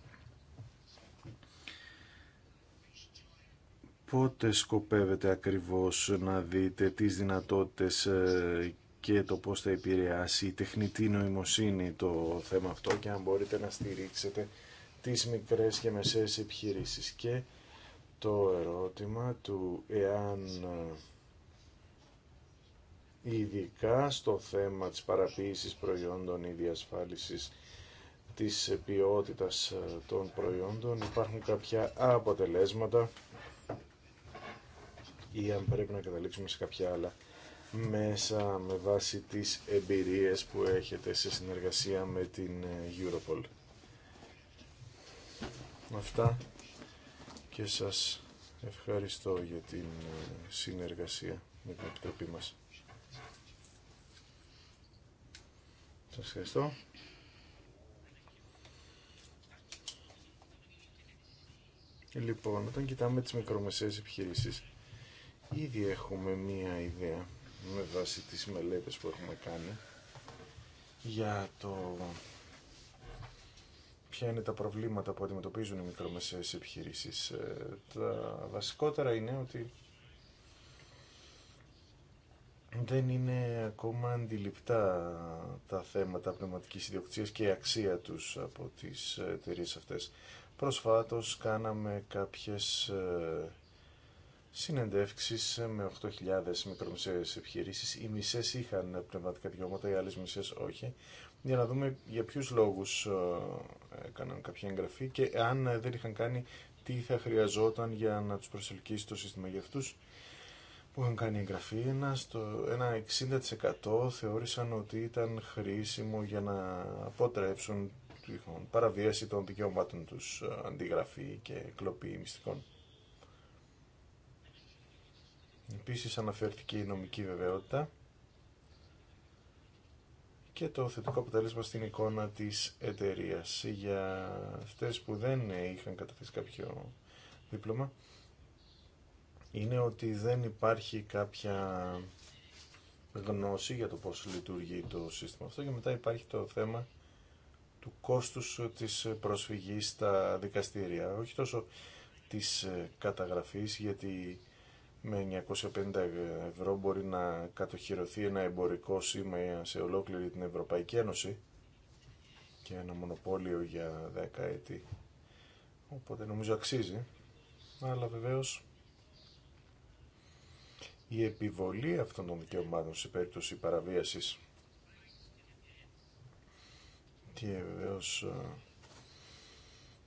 πότε σκοπεύετε ακριβώς να δείτε τις δυνατότητες ε, και το πώς θα επηρεάσει η τεχνητή νοημοσύνη το θέμα αυτό και αν μπορείτε να στηρίξετε τις μικρές και μεσαίες επιχειρήσεις. Και το ερώτημα του εάν ε, ειδικά στο θέμα της παραποίησης προϊόντων ή διασφάλισης της ποιότητας ε, των προϊόντων υπάρχουν κάποια αποτελέσματα ή αν πρέπει να καταλήξουμε σε κάποια άλλα μέσα με βάση τις εμπειρίες που έχετε σε συνεργασία με την ε, Europol. Αυτά και σας ευχαριστώ για την ε, συνεργασία με την Επιτροπή μας. Σας ευχαριστώ. Λοιπόν, όταν κοιτάμε τις μικρομεσαίες επιχειρήσεις, Ήδη έχουμε μία ιδέα με βάση τις μελέτες που έχουμε κάνει για το ποια είναι τα προβλήματα που αντιμετωπίζουν οι μικρομεσαίες επιχειρήσεις. Ε, τα βασικότερα είναι ότι δεν είναι ακόμα αντιληπτά τα θέματα πνευματικής ιδιοκτησίας και η αξία τους από τις ε, εταιρείε αυτές. Προσφάτως κάναμε κάποιες ε, συνεντεύξεις με 8.000 μικρομεσαίες επιχειρήσεις. Οι μισές είχαν πνευματικά δικαιώματα, οι άλλες μισές όχι. Για να δούμε για ποιους λόγους ε, έκαναν κάποια εγγραφή και αν δεν είχαν κάνει τι θα χρειαζόταν για να τους προσελκύσει το σύστημα για αυτούς που είχαν κάνει εγγραφή. Ένα, στο, ένα 60% θεώρησαν ότι ήταν χρήσιμο για να αποτρέψουν παραβίαση των δικαιωμάτων τους ε, αντιγραφή και κλοπή μυστικών. Επίσης αναφέρθηκε η νομική βεβαιότητα και το θετικό αποτέλεσμα στην εικόνα της εταιρεία. Για αυτές που δεν είχαν καταθέσει κάποιο δίπλωμα, είναι ότι δεν υπάρχει κάποια γνώση για το πώς λειτουργεί το σύστημα αυτό και μετά υπάρχει το θέμα του κόστους της προσφυγής στα δικαστήρια, όχι τόσο της καταγραφής γιατί με 950 ευρώ μπορεί να κατοχυρωθεί ένα εμπορικό σήμα σε ολόκληρη την Ευρωπαϊκή Ένωση και ένα μονοπόλιο για 10 έτη. Οπότε νομίζω αξίζει. Αλλά βεβαίως η επιβολή αυτών των δικαιωμάτων σε περίπτωση παραβίασης και βεβαίως ε,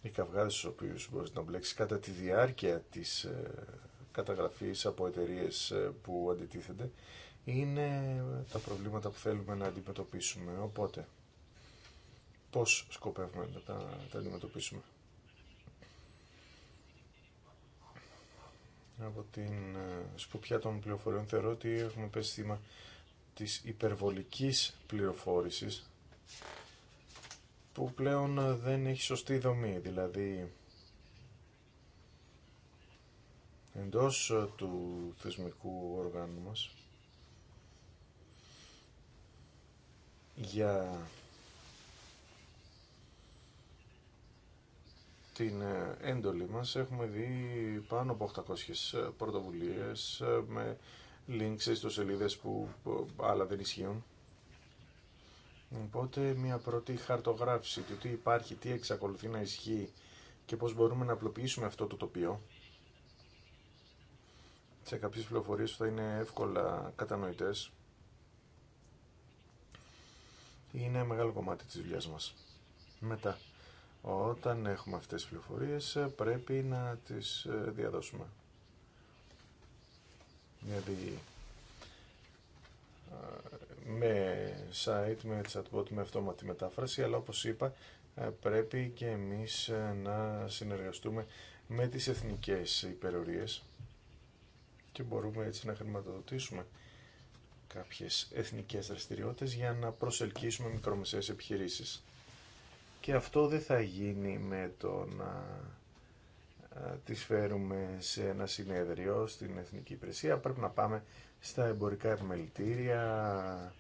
οι καυγάδες στους οποίους μπορείς να μπλέξεις κατά τη διάρκεια της ε, καταγραφής από εταιρείε ε, που αντιτίθενται είναι τα προβλήματα που θέλουμε να αντιμετωπίσουμε. Οπότε, πώς σκοπεύουμε να τα, αντιμετωπίσουμε. Από την ε, σκοπιά των πληροφοριών θεωρώ ότι έχουμε πέσει θύμα της υπερβολικής πληροφόρησης που πλέον ε, δεν έχει σωστή δομή, δηλαδή εντός ε, του θεσμικού οργάνου μας για την ε, έντολη μας έχουμε δει πάνω από 800 ε, πρωτοβουλίες με links στο σελίδες που άλλα δεν ισχύουν. Οπότε μια πρώτη χαρτογράφηση του τι υπάρχει, τι εξακολουθεί να ισχύει και πώς μπορούμε να απλοποιήσουμε αυτό το τοπίο σε κάποιες πληροφορίες που θα είναι εύκολα κατανοητές είναι μεγάλο κομμάτι της δουλειά μας. Μετά, όταν έχουμε αυτές τις πληροφορίες πρέπει να τις ε, διαδώσουμε. Δηλαδή, με site, με chatbot, με αυτόματη μετάφραση, αλλά όπως είπα ε, πρέπει και εμείς να συνεργαστούμε με τις εθνικές υπερορίες και μπορούμε έτσι να χρηματοδοτήσουμε κάποιες εθνικές δραστηριότητες για να προσελκύσουμε μικρομεσαίες επιχειρήσεις. Και αυτό δεν θα γίνει με το να τις φέρουμε σε ένα συνέδριο στην Εθνική Υπηρεσία. Πρέπει να πάμε στα εμπορικά επιμελητήρια,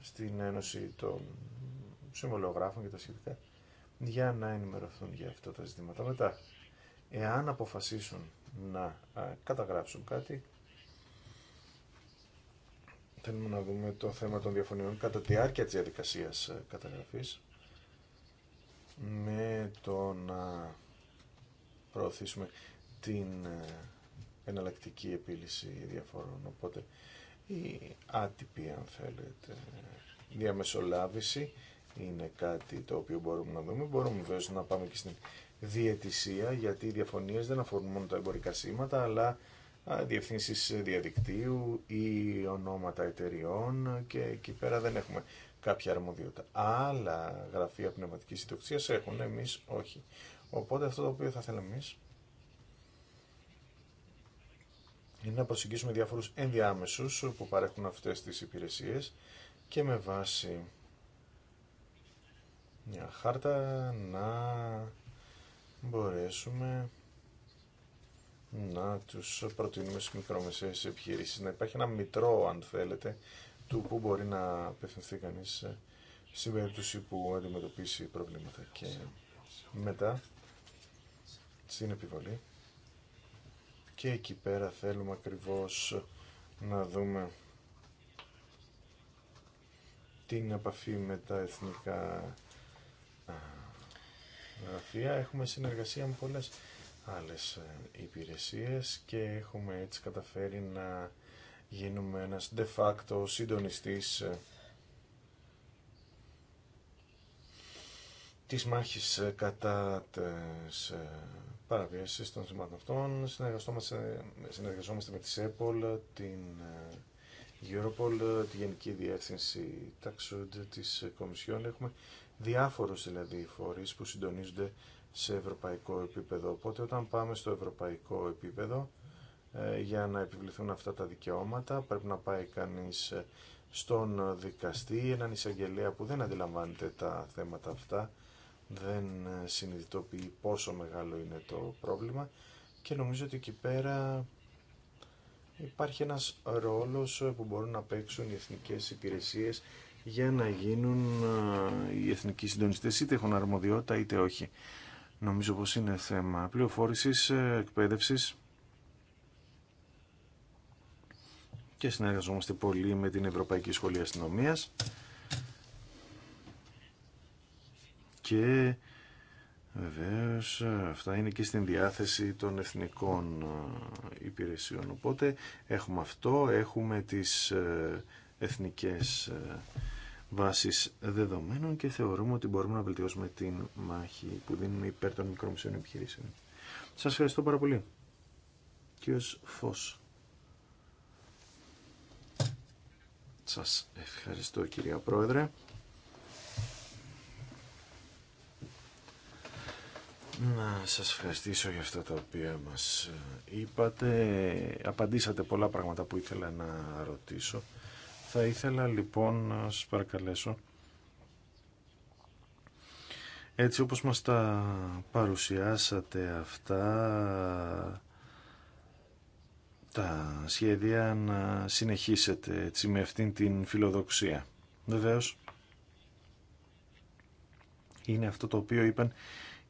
στην Ένωση των Συμβολογράφων και τα σχετικά, για να ενημερωθούν για αυτά τα ζητήματα. Μετά, εάν αποφασίσουν να καταγράψουν κάτι, θέλουμε να δούμε το θέμα των διαφωνιών κατά τη διάρκεια της διαδικασίας ε, καταγραφής με το να προωθήσουμε την ε, εναλλακτική επίλυση διαφορών. Οπότε η άτυπη, αν θέλετε, διαμεσολάβηση είναι κάτι το οποίο μπορούμε να δούμε. Μπορούμε βέβαια να πάμε και στην διαιτησία, γιατί οι διαφωνίες δεν αφορούν μόνο τα εμπορικά σήματα, αλλά διευθύνσει διαδικτύου ή ονόματα εταιριών και εκεί πέρα δεν έχουμε κάποια αρμοδιότητα. Άλλα γραφεία πνευματικής ιδιοκτησίας έχουν, εμείς όχι. Οπότε αυτό το οποίο θα θέλαμε εμείς είναι να προσεγγίσουμε διάφορους ενδιάμεσους που παρέχουν αυτές τις υπηρεσίες και με βάση μια χάρτα να μπορέσουμε να τους προτείνουμε στις μικρομεσαίες επιχειρήσεις. Να υπάρχει ένα μητρό, αν θέλετε, του που μπορεί να απευθυνθεί κανείς στην περίπτωση που αντιμετωπίσει προβλήματα. Και μετά, στην επιβολή, και εκεί πέρα θέλουμε ακριβώς να δούμε την επαφή με τα εθνικά γραφεία. Έχουμε συνεργασία με πολλές άλλες ε, υπηρεσίες και έχουμε έτσι καταφέρει να γίνουμε ένας de facto συντονιστής ε, της μάχης ε, κατά της παραβίασης των σημάτων αυτών. Συνεργαζόμαστε με τη ΣΕΠΟΛ, την Europol, τη Γενική Διεύθυνση Ταξούντ της Κομισιόν. Έχουμε διάφορους δηλαδή φορείς που συντονίζονται σε ευρωπαϊκό επίπεδο. Οπότε όταν πάμε στο ευρωπαϊκό επίπεδο ε, για να επιβληθούν αυτά τα δικαιώματα πρέπει να πάει κανείς ε, στον δικαστή, έναν εισαγγελέα που δεν αντιλαμβάνεται τα θέματα αυτά, δεν ε, συνειδητοποιεί πόσο μεγάλο είναι το πρόβλημα και νομίζω ότι εκεί πέρα υπάρχει ένας ρόλος που μπορούν να παίξουν οι εθνικές υπηρεσίες για να γίνουν οι εθνικοί συντονιστές είτε έχουν αρμοδιότητα είτε όχι. Νομίζω πως είναι θέμα πληροφόρησης, ε, εκπαίδευσης και συνεργαζόμαστε πολύ με την Ευρωπαϊκή Σχολή Αστυνομίας και Βεβαίω, ε, αυτά είναι και στην διάθεση των εθνικών υπηρεσιών. Οπότε έχουμε αυτό, έχουμε τις ε, εθνικές Βάσει δεδομένων και θεωρούμε ότι μπορούμε να βελτιώσουμε την μάχη που δίνουμε υπέρ των μικρομεσαίων επιχειρήσεων. Σας ευχαριστώ πάρα πολύ. Κύριος Φως. Σας ευχαριστώ κυρία Πρόεδρε. Να σας ευχαριστήσω για αυτά τα οποία μας ε, είπατε. Απαντήσατε πολλά πράγματα που ήθελα να ρωτήσω. Θα ήθελα λοιπόν να σας παρακαλέσω έτσι όπως μας τα παρουσιάσατε αυτά τα σχέδια να συνεχίσετε έτσι με αυτήν την φιλοδοξία. Βεβαίως είναι αυτό το οποίο είπαν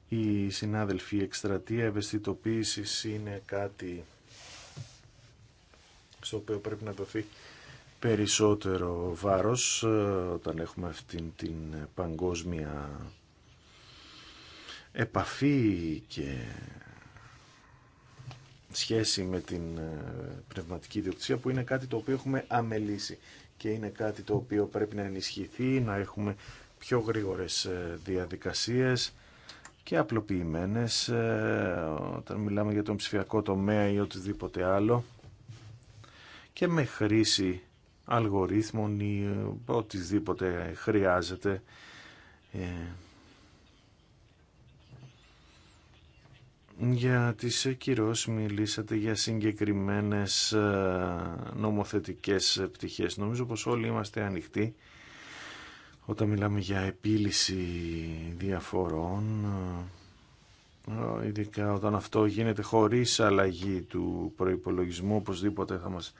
οι συνάδελφοι. Η εκστρατεία ευαισθητοποίησης είναι κάτι στο οποίο πρέπει να δοθεί περισσότερο βάρος ε, όταν έχουμε αυτήν την παγκόσμια επαφή και σχέση με την ε, πνευματική ιδιοκτησία που είναι κάτι το οποίο έχουμε αμελήσει και είναι κάτι το οποίο πρέπει να ενισχυθεί, να έχουμε πιο γρήγορες ε, διαδικασίες και απλοποιημένες όταν μιλάμε για τον ψηφιακό τομέα ή οτιδήποτε άλλο και με χρήση αλγορίθμων ή ε, οτιδήποτε χρειάζεται. Ε, για τις κυρώσεις μιλήσατε για συγκεκριμένες ε, νομοθετικές πτυχές. Νομίζω πως όλοι είμαστε ανοιχτοί όταν μιλάμε για επίλυση διαφορών, ειδικά όταν αυτό γίνεται χωρίς αλλαγή του προϋπολογισμού, οπωσδήποτε θα μας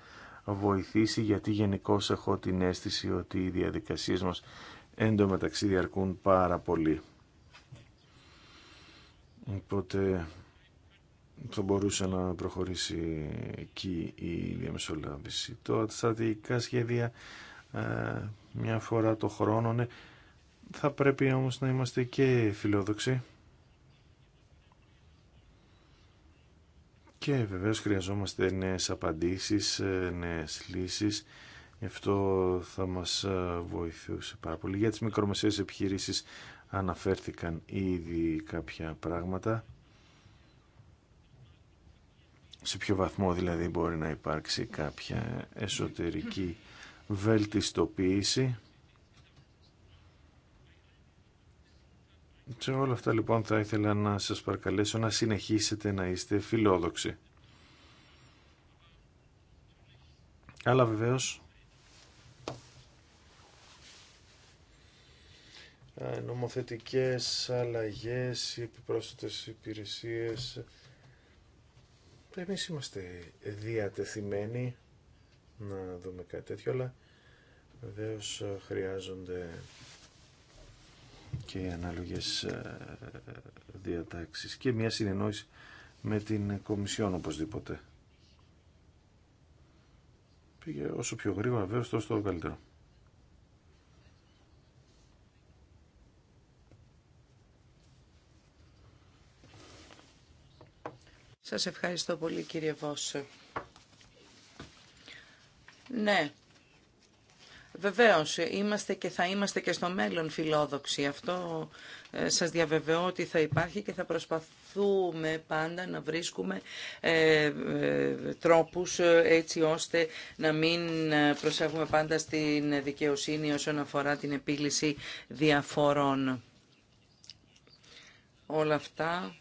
βοηθήσει γιατί γενικώ έχω την αίσθηση ότι οι διαδικασίες μας εντωμεταξύ διαρκούν πάρα πολύ. Οπότε θα μπορούσε να προχωρήσει εκεί η διαμεσολάβηση. Το στρατηγικά σχέδια ε, μια φορά το χρόνο ναι. θα πρέπει όμως να είμαστε και φιλόδοξοι Και βεβαίως χρειαζόμαστε νέες απαντήσεις, ε, νέες λύσεις. αυτό θα μας ε, βοηθούσε πάρα πολύ. Για τις μικρομεσαίες επιχειρήσεις αναφέρθηκαν ήδη κάποια πράγματα. Σε ποιο βαθμό δηλαδή μπορεί να υπάρξει κάποια εσωτερική βελτιστοποίηση. Σε όλα αυτά λοιπόν θα ήθελα να σας παρακαλέσω να συνεχίσετε να είστε φιλόδοξοι. Αλλά βεβαίως ε, νομοθετικές αλλαγές, οι επιπρόσθετες υπηρεσίες. Εμείς είμαστε διατεθειμένοι να δούμε κάτι τέτοιο, αλλά βεβαίως ε, χρειάζονται και ανάλογες ε, διατάξεις και μια συνεννόηση με την Κομισιόν οπωσδήποτε. Πήγε όσο πιο γρήγορα βέβαια τόσο το καλύτερο. Σας ευχαριστώ πολύ κύριε Βόσε. Ναι, Βεβαίω, είμαστε και θα είμαστε και στο μέλλον φιλόδοξοι. Αυτό ε, σα διαβεβαιώ ότι θα υπάρχει και θα προσπαθούμε πάντα να βρίσκουμε ε, ε, τρόπους έτσι ώστε να μην προσέχουμε πάντα στην δικαιοσύνη όσον αφορά την επίλυση διαφορών. Όλα αυτά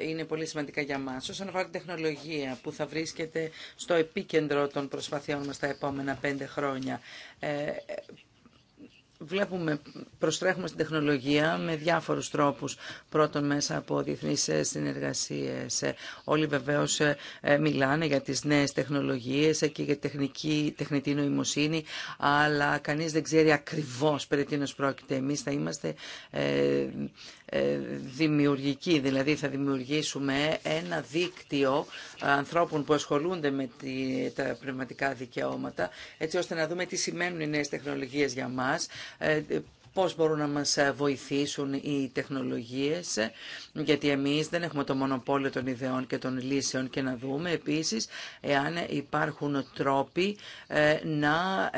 είναι πολύ σημαντικά για μας. Όσον αφορά την τεχνολογία που θα βρίσκεται στο επίκεντρο των προσπαθειών μα τα επόμενα πέντε χρόνια, ε, βλέπουμε, προστρέχουμε στην τεχνολογία με διάφορους τρόπους. Πρώτον μέσα από διεθνείς ε, συνεργασίες. Ε, όλοι βεβαίως ε, μιλάνε για τις νέες τεχνολογίες και για τεχνική, τεχνητή νοημοσύνη, αλλά κανείς δεν ξέρει ακριβώς περί τίνος πρόκειται. Εμείς θα είμαστε δημιουργικοί. δηλαδή θα δημιουργήσουμε ένα δίκτυο ανθρώπων που ασχολούνται με τα πνευματικά δικαιώματα, έτσι ώστε να δούμε τι σημαίνουν οι νέες τεχνολογίες για μας, ε, πώς μπορούν να μας ε, βοηθήσουν οι τεχνολογίες, γιατί εμείς δεν έχουμε το μονοπόλιο των ιδεών και των λύσεων και να δούμε επίσης εάν υπάρχουν τρόποι ε, να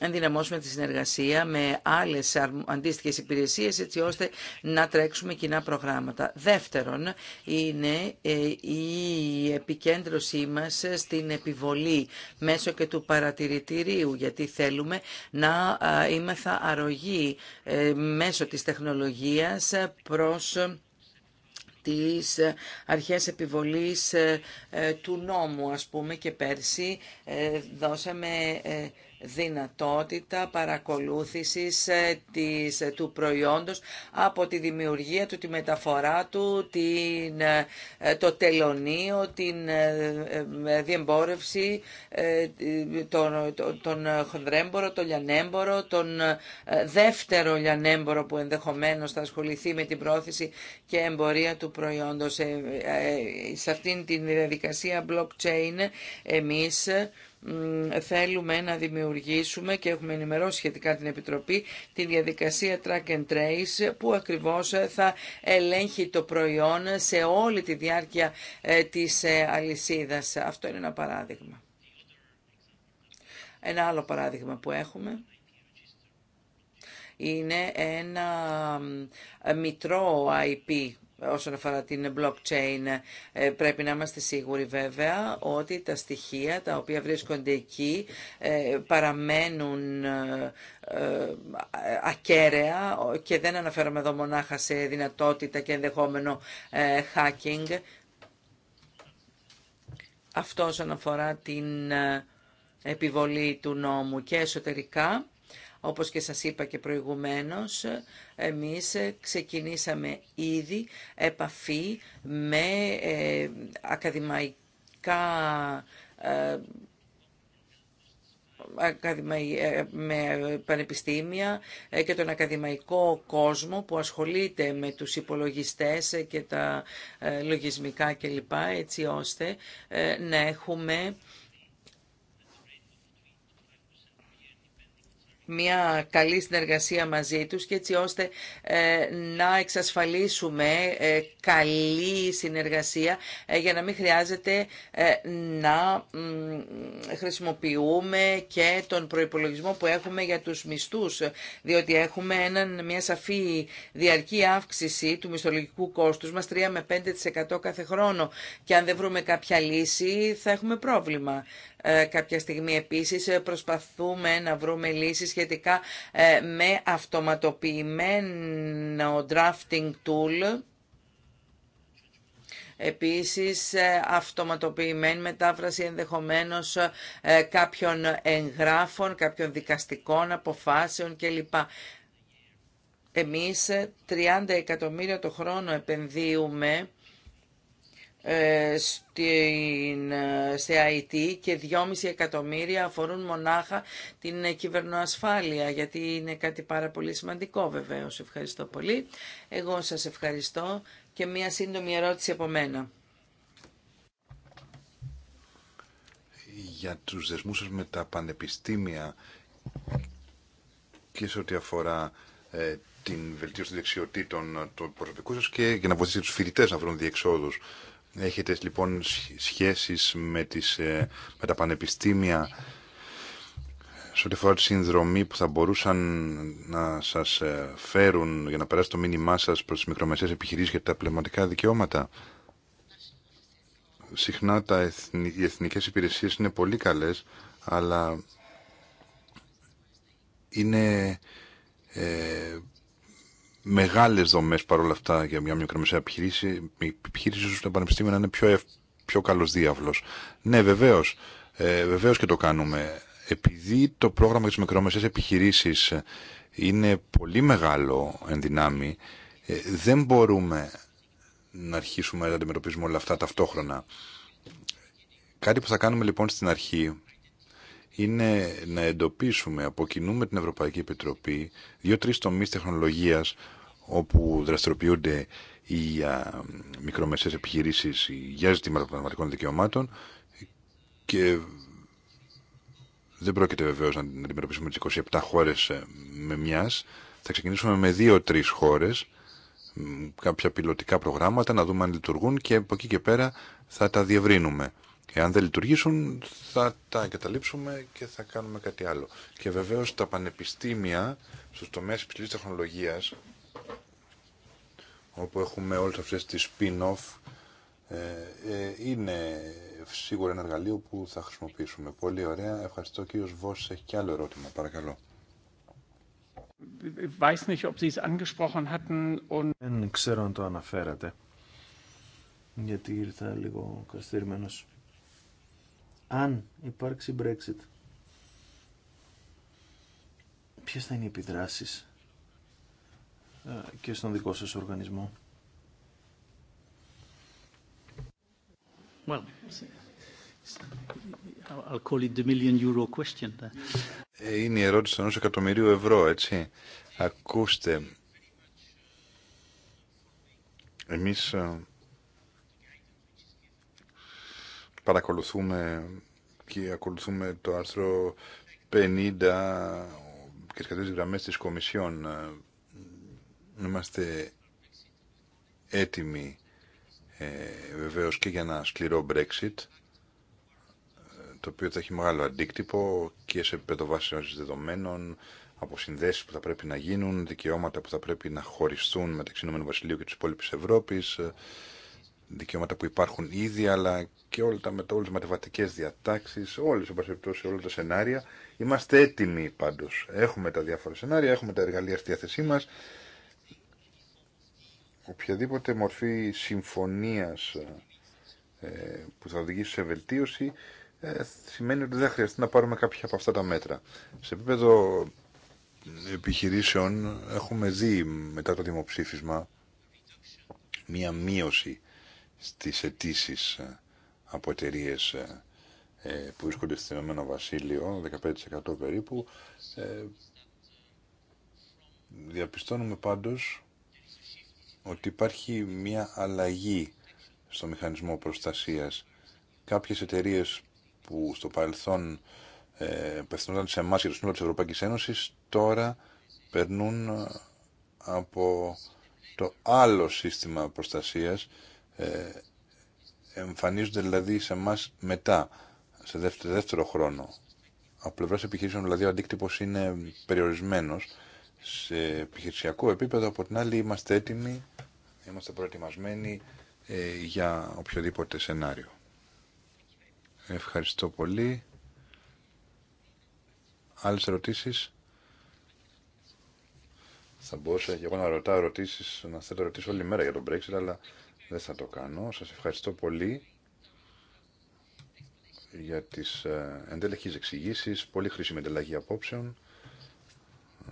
ενδυναμώσουμε τη συνεργασία με άλλες αντίστοιχες υπηρεσίες έτσι ώστε να τρέξουμε κοινά προγράμματα. Δεύτερον, είναι ε, η επικέντρωσή μας στην επιβολή μέσω και του παρατηρητηρίου γιατί θέλουμε να είμαστε αρρωγή ε, μέσω της τεχνολογίας προς τις αρχές επιβολής ε, του νόμου, ας πούμε, και πέρσι δώσαμε δυνατότητα παρακολούθησης ε, της, ε, του προϊόντος από τη δημιουργία του, τη μεταφορά του, την, ε, το τελωνείο, την διεμπόρευση, τον, τον χονδρέμπορο, τον λιανέμπορο, τον δεύτερο λιανέμπορο που ενδεχομένως θα ασχοληθεί με την πρόθεση και εμπορία του προϊόντος. Σε αυτήν την διαδικασία blockchain εμείς θέλουμε να δημιουργήσουμε και έχουμε ενημερώσει σχετικά την Επιτροπή τη διαδικασία track and trace που ακριβώς θα ελέγχει το προϊόν σε όλη τη διάρκεια ε, της ε, αλυσίδας. Αυτό είναι ένα παράδειγμα. Ένα άλλο παράδειγμα που έχουμε είναι ένα ε, μητρό IP όσον αφορά την blockchain. Ε, πρέπει να είμαστε σίγουροι βέβαια ότι τα στοιχεία τα οποία βρίσκονται εκεί ε, παραμένουν ε, ακέραια και δεν αναφέρομαι εδώ μονάχα σε δυνατότητα και ενδεχόμενο hacking. Αυτό όσον αφορά την επιβολή του νόμου και εσωτερικά όπως και σας είπα και προηγουμένως, εμείς ξεκινήσαμε ήδη επαφή με ε, ακαδημαϊκά ε, ε, με πανεπιστήμια και τον ακαδημαϊκό κόσμο που ασχολείται με τους υπολογιστές και τα λογισμικά κλπ. έτσι ώστε να έχουμε μια καλή συνεργασία μαζί τους και έτσι ώστε ε, να εξασφαλίσουμε ε, καλή συνεργασία ε, για να μην χρειάζεται να χρησιμοποιούμε και τον προϋπολογισμό που έχουμε για τους μισθούς διότι έχουμε έναν, μια σαφή διαρκή αύξηση του μισθολογικού κόστους μας 3 με 5% κάθε χρόνο και αν δεν βρούμε κάποια λύση θα έχουμε πρόβλημα. Ε, κάποια στιγμή. Επίσης ε, προσπαθούμε να βρούμε λύσεις σχετικά ε, με αυτοματοποιημένο drafting tool Επίσης, αυτοματοποιημένη μετάφραση ενδεχομένως κάποιων εγγράφων, κάποιων δικαστικών αποφάσεων κλπ. Εμείς 30 εκατομμύρια το χρόνο επενδύουμε ε, στην, ε, σε IT και 2,5 εκατομμύρια αφορούν μονάχα την ε, κυβερνοασφάλεια, γιατί είναι κάτι πάρα πολύ σημαντικό βεβαίως. Ευχαριστώ πολύ. Εγώ σας ευχαριστώ και μία σύντομη ερώτηση από μένα. Για τους δεσμούς σας με τα πανεπιστήμια και σε ό,τι αφορά την βελτίωση των δεξιοτήτων του προσωπικού σας και για να βοηθήσει τους φοιτητές να βρουν διεξόδους Έχετε λοιπόν σχέσεις με, τις, ε, με τα πανεπιστήμια σε ό,τι αφορά τη συνδρομή που θα μπορούσαν να σας ε, φέρουν για να περάσει το μήνυμά σας προς τις μικρομεσαίες επιχειρήσεις για τα πνευματικά δικαιώματα. Συχνά τα οι εθνικές υπηρεσίες είναι πολύ καλές, αλλά είναι ε, μεγάλες δομέ παρόλα αυτά για μια μικρομεσαία επιχείρηση, η επιχείρηση στο πανεπιστήμιο να είναι πιο, πιο καλός διάβλος. Ναι, βεβαίω. ε, και το κάνουμε. Επειδή το πρόγραμμα για τις μικρομεσαίες επιχειρήσεις ε, είναι πολύ μεγάλο εν δυνάμει, ε, δεν μπορούμε να αρχίσουμε να αντιμετωπίζουμε όλα αυτά ταυτόχρονα. Κάτι που θα κάνουμε λοιπόν στην αρχή είναι να εντοπίσουμε από κοινού με την Ευρωπαϊκή Επιτροπή δύο-τρεις τομείς τεχνολογίας όπου δραστηριοποιούνται οι α, μικρομεσαίες επιχειρήσεις για ζητήματα πραγματικών δικαιωμάτων και δεν πρόκειται βεβαίω να αντιμετωπίσουμε τις 27 χώρες ε, με μιας. Θα ξεκινήσουμε με δύο-τρεις χώρες, κάποια πιλωτικά προγράμματα, να δούμε αν λειτουργούν και από εκεί και πέρα θα τα διευρύνουμε. Εάν δεν λειτουργήσουν θα τα εγκαταλείψουμε και θα κάνουμε κάτι άλλο. Και βεβαίως τα πανεπιστήμια στους τομέες υψηλής τεχνολογίας όπου έχουμε όλες αυτές τις spin-off ε, ε, είναι σίγουρα ένα εργαλείο που θα χρησιμοποιήσουμε. Πολύ ωραία. Ευχαριστώ. Ο κύριος Βόσης έχει και άλλο ερώτημα. Παρακαλώ. Δεν ξέρω αν το αναφέρατε γιατί ήρθα λίγο αν υπάρξει Brexit. ποιε θα είναι οι επιδράσει ε, και στον δικό σας οργανισμό. Well, I'll call it the million euro question. Ε, είναι η ερώτηση ενό εκατομμυρίου ευρώ, έτσι. Ακούστε, εμείς ε, παρακολουθούμε και ακολουθούμε το άρθρο 50 και τις γραμμές της Κομισιόν. Ε, είμαστε έτοιμοι ε, βεβαίως και για ένα σκληρό Brexit ε, το οποίο θα έχει μεγάλο αντίκτυπο και σε επίπεδο βάσης δεδομένων, συνδέσεις που θα πρέπει να γίνουν, δικαιώματα που θα πρέπει να χωριστούν μεταξύ Ηνωμένου Βασιλείου και της υπόλοιπης Ευρώπης, ε, δικαιώματα που υπάρχουν ήδη, αλλά και όλα τα, με, όλες τις διατάξεις, όλες, επιπτώσει, όλα τα σενάρια. Είμαστε έτοιμοι πάντως. Έχουμε τα διάφορα σενάρια, έχουμε τα εργαλεία στη διάθεσή μας. Οποιαδήποτε μορφή συμφωνίας ε, ε που θα οδηγήσει σε βελτίωση ε, σημαίνει ότι δεν χρειαστεί να πάρουμε κάποια από αυτά τα μέτρα. Σε επίπεδο επιχειρήσεων έχουμε δει μετά το δημοψήφισμα μία μείωση στις αιτήσει ε, από εταιρείε ε, ε, που βρίσκονται στο Ηνωμένο Βασίλειο, 15% περίπου. Διαπιστώνουμε πάντως ότι υπάρχει μια αλλαγή στο μηχανισμό προστασίας. Κάποιες εταιρείες που στο παρελθόν ε, σε εμάς και το σύνολο της Ευρωπαϊκής Ένωσης τώρα περνούν από το άλλο σύστημα προστασίας ε, εμφανίζονται δηλαδή σε εμά μετά, σε δεύτερο, δεύτερο χρόνο. Από πλευρά επιχειρήσεων δηλαδή ο αντίκτυπο είναι περιορισμένο. Σε επιχειρησιακό επίπεδο από την άλλη είμαστε έτοιμοι, είμαστε προετοιμασμένοι ε, για οποιοδήποτε σενάριο. Ευχαριστώ πολύ. Άλλες ερωτήσει. Θα μπορούσα και εγώ να ρωτάω ερωτήσει. να θέλω ερωτήσεις όλη μέρα για τον Brexit, αλλά δεν θα το κάνω. Σας ευχαριστώ πολύ για τις ε, εντελεχείς εξηγήσεις, πολύ χρήσιμη ενταλλαγή απόψεων.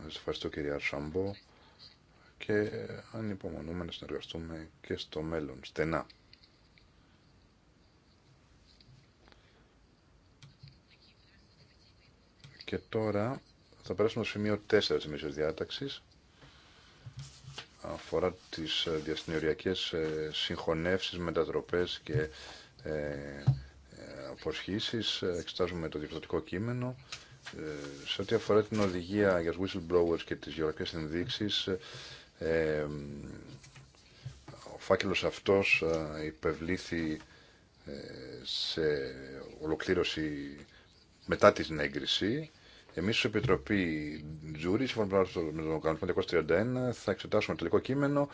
Σας ευχαριστώ κυρία Σαμπό και ε, ανυπομονούμε να συνεργαστούμε και στο μέλλον, στενά. Και τώρα θα περάσουμε στο σημείο 4 της μέσης διάταξης αφορά τις ε, διασυνοριακές ε, συγχωνεύσεις, μετατροπές και ε, αποσχήσεις. Εξετάζουμε το διευθυντικό κείμενο. Σε ό,τι αφορά την οδηγία για whistleblowers και τις γεωγραφικές ενδείξεις, ο φάκελος αυτός υπευλήθη σε ολοκλήρωση μετά την έγκριση Εμεί η Επιτροπή Τζούρι, σύμφωνα με τον κανονισμό 231, θα εξετάσουμε το τελικό κείμενο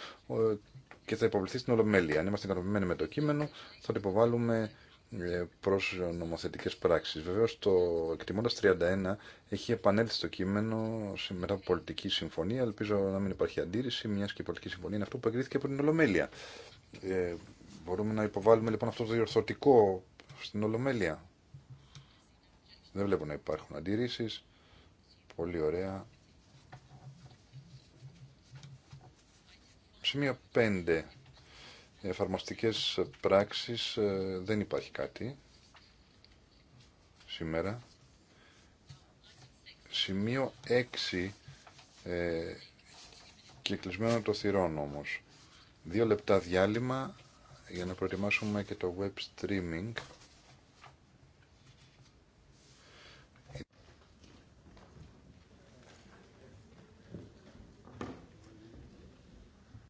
και θα υποβληθεί στην Ολομέλεια. Αν είμαστε ικανοποιημένοι με το κείμενο, θα το υποβάλουμε ε, προ νομοθετικέ πράξει. Βεβαίω, το εκτιμώντα 31 έχει επανέλθει το κείμενο μετά από πολιτική συμφωνία. Ελπίζω να μην υπάρχει αντίρρηση, μια και η πολιτική συμφωνία είναι αυτό που εγκρίθηκε από την Ολομέλεια. Ε, μπορούμε να υποβάλουμε λοιπόν αυτό το διορθωτικό στην Ολομέλεια. Δεν βλέπω να υπάρχουν αντιρρήσεις. Πολύ ωραία. Σημείο 5. Εφαρμοστικές πράξεις. Ε, δεν υπάρχει κάτι σήμερα. Σημείο 6. Ε, και κλεισμένο το θυρών όμως. Δύο λεπτά διάλειμμα για να προετοιμάσουμε και το web streaming.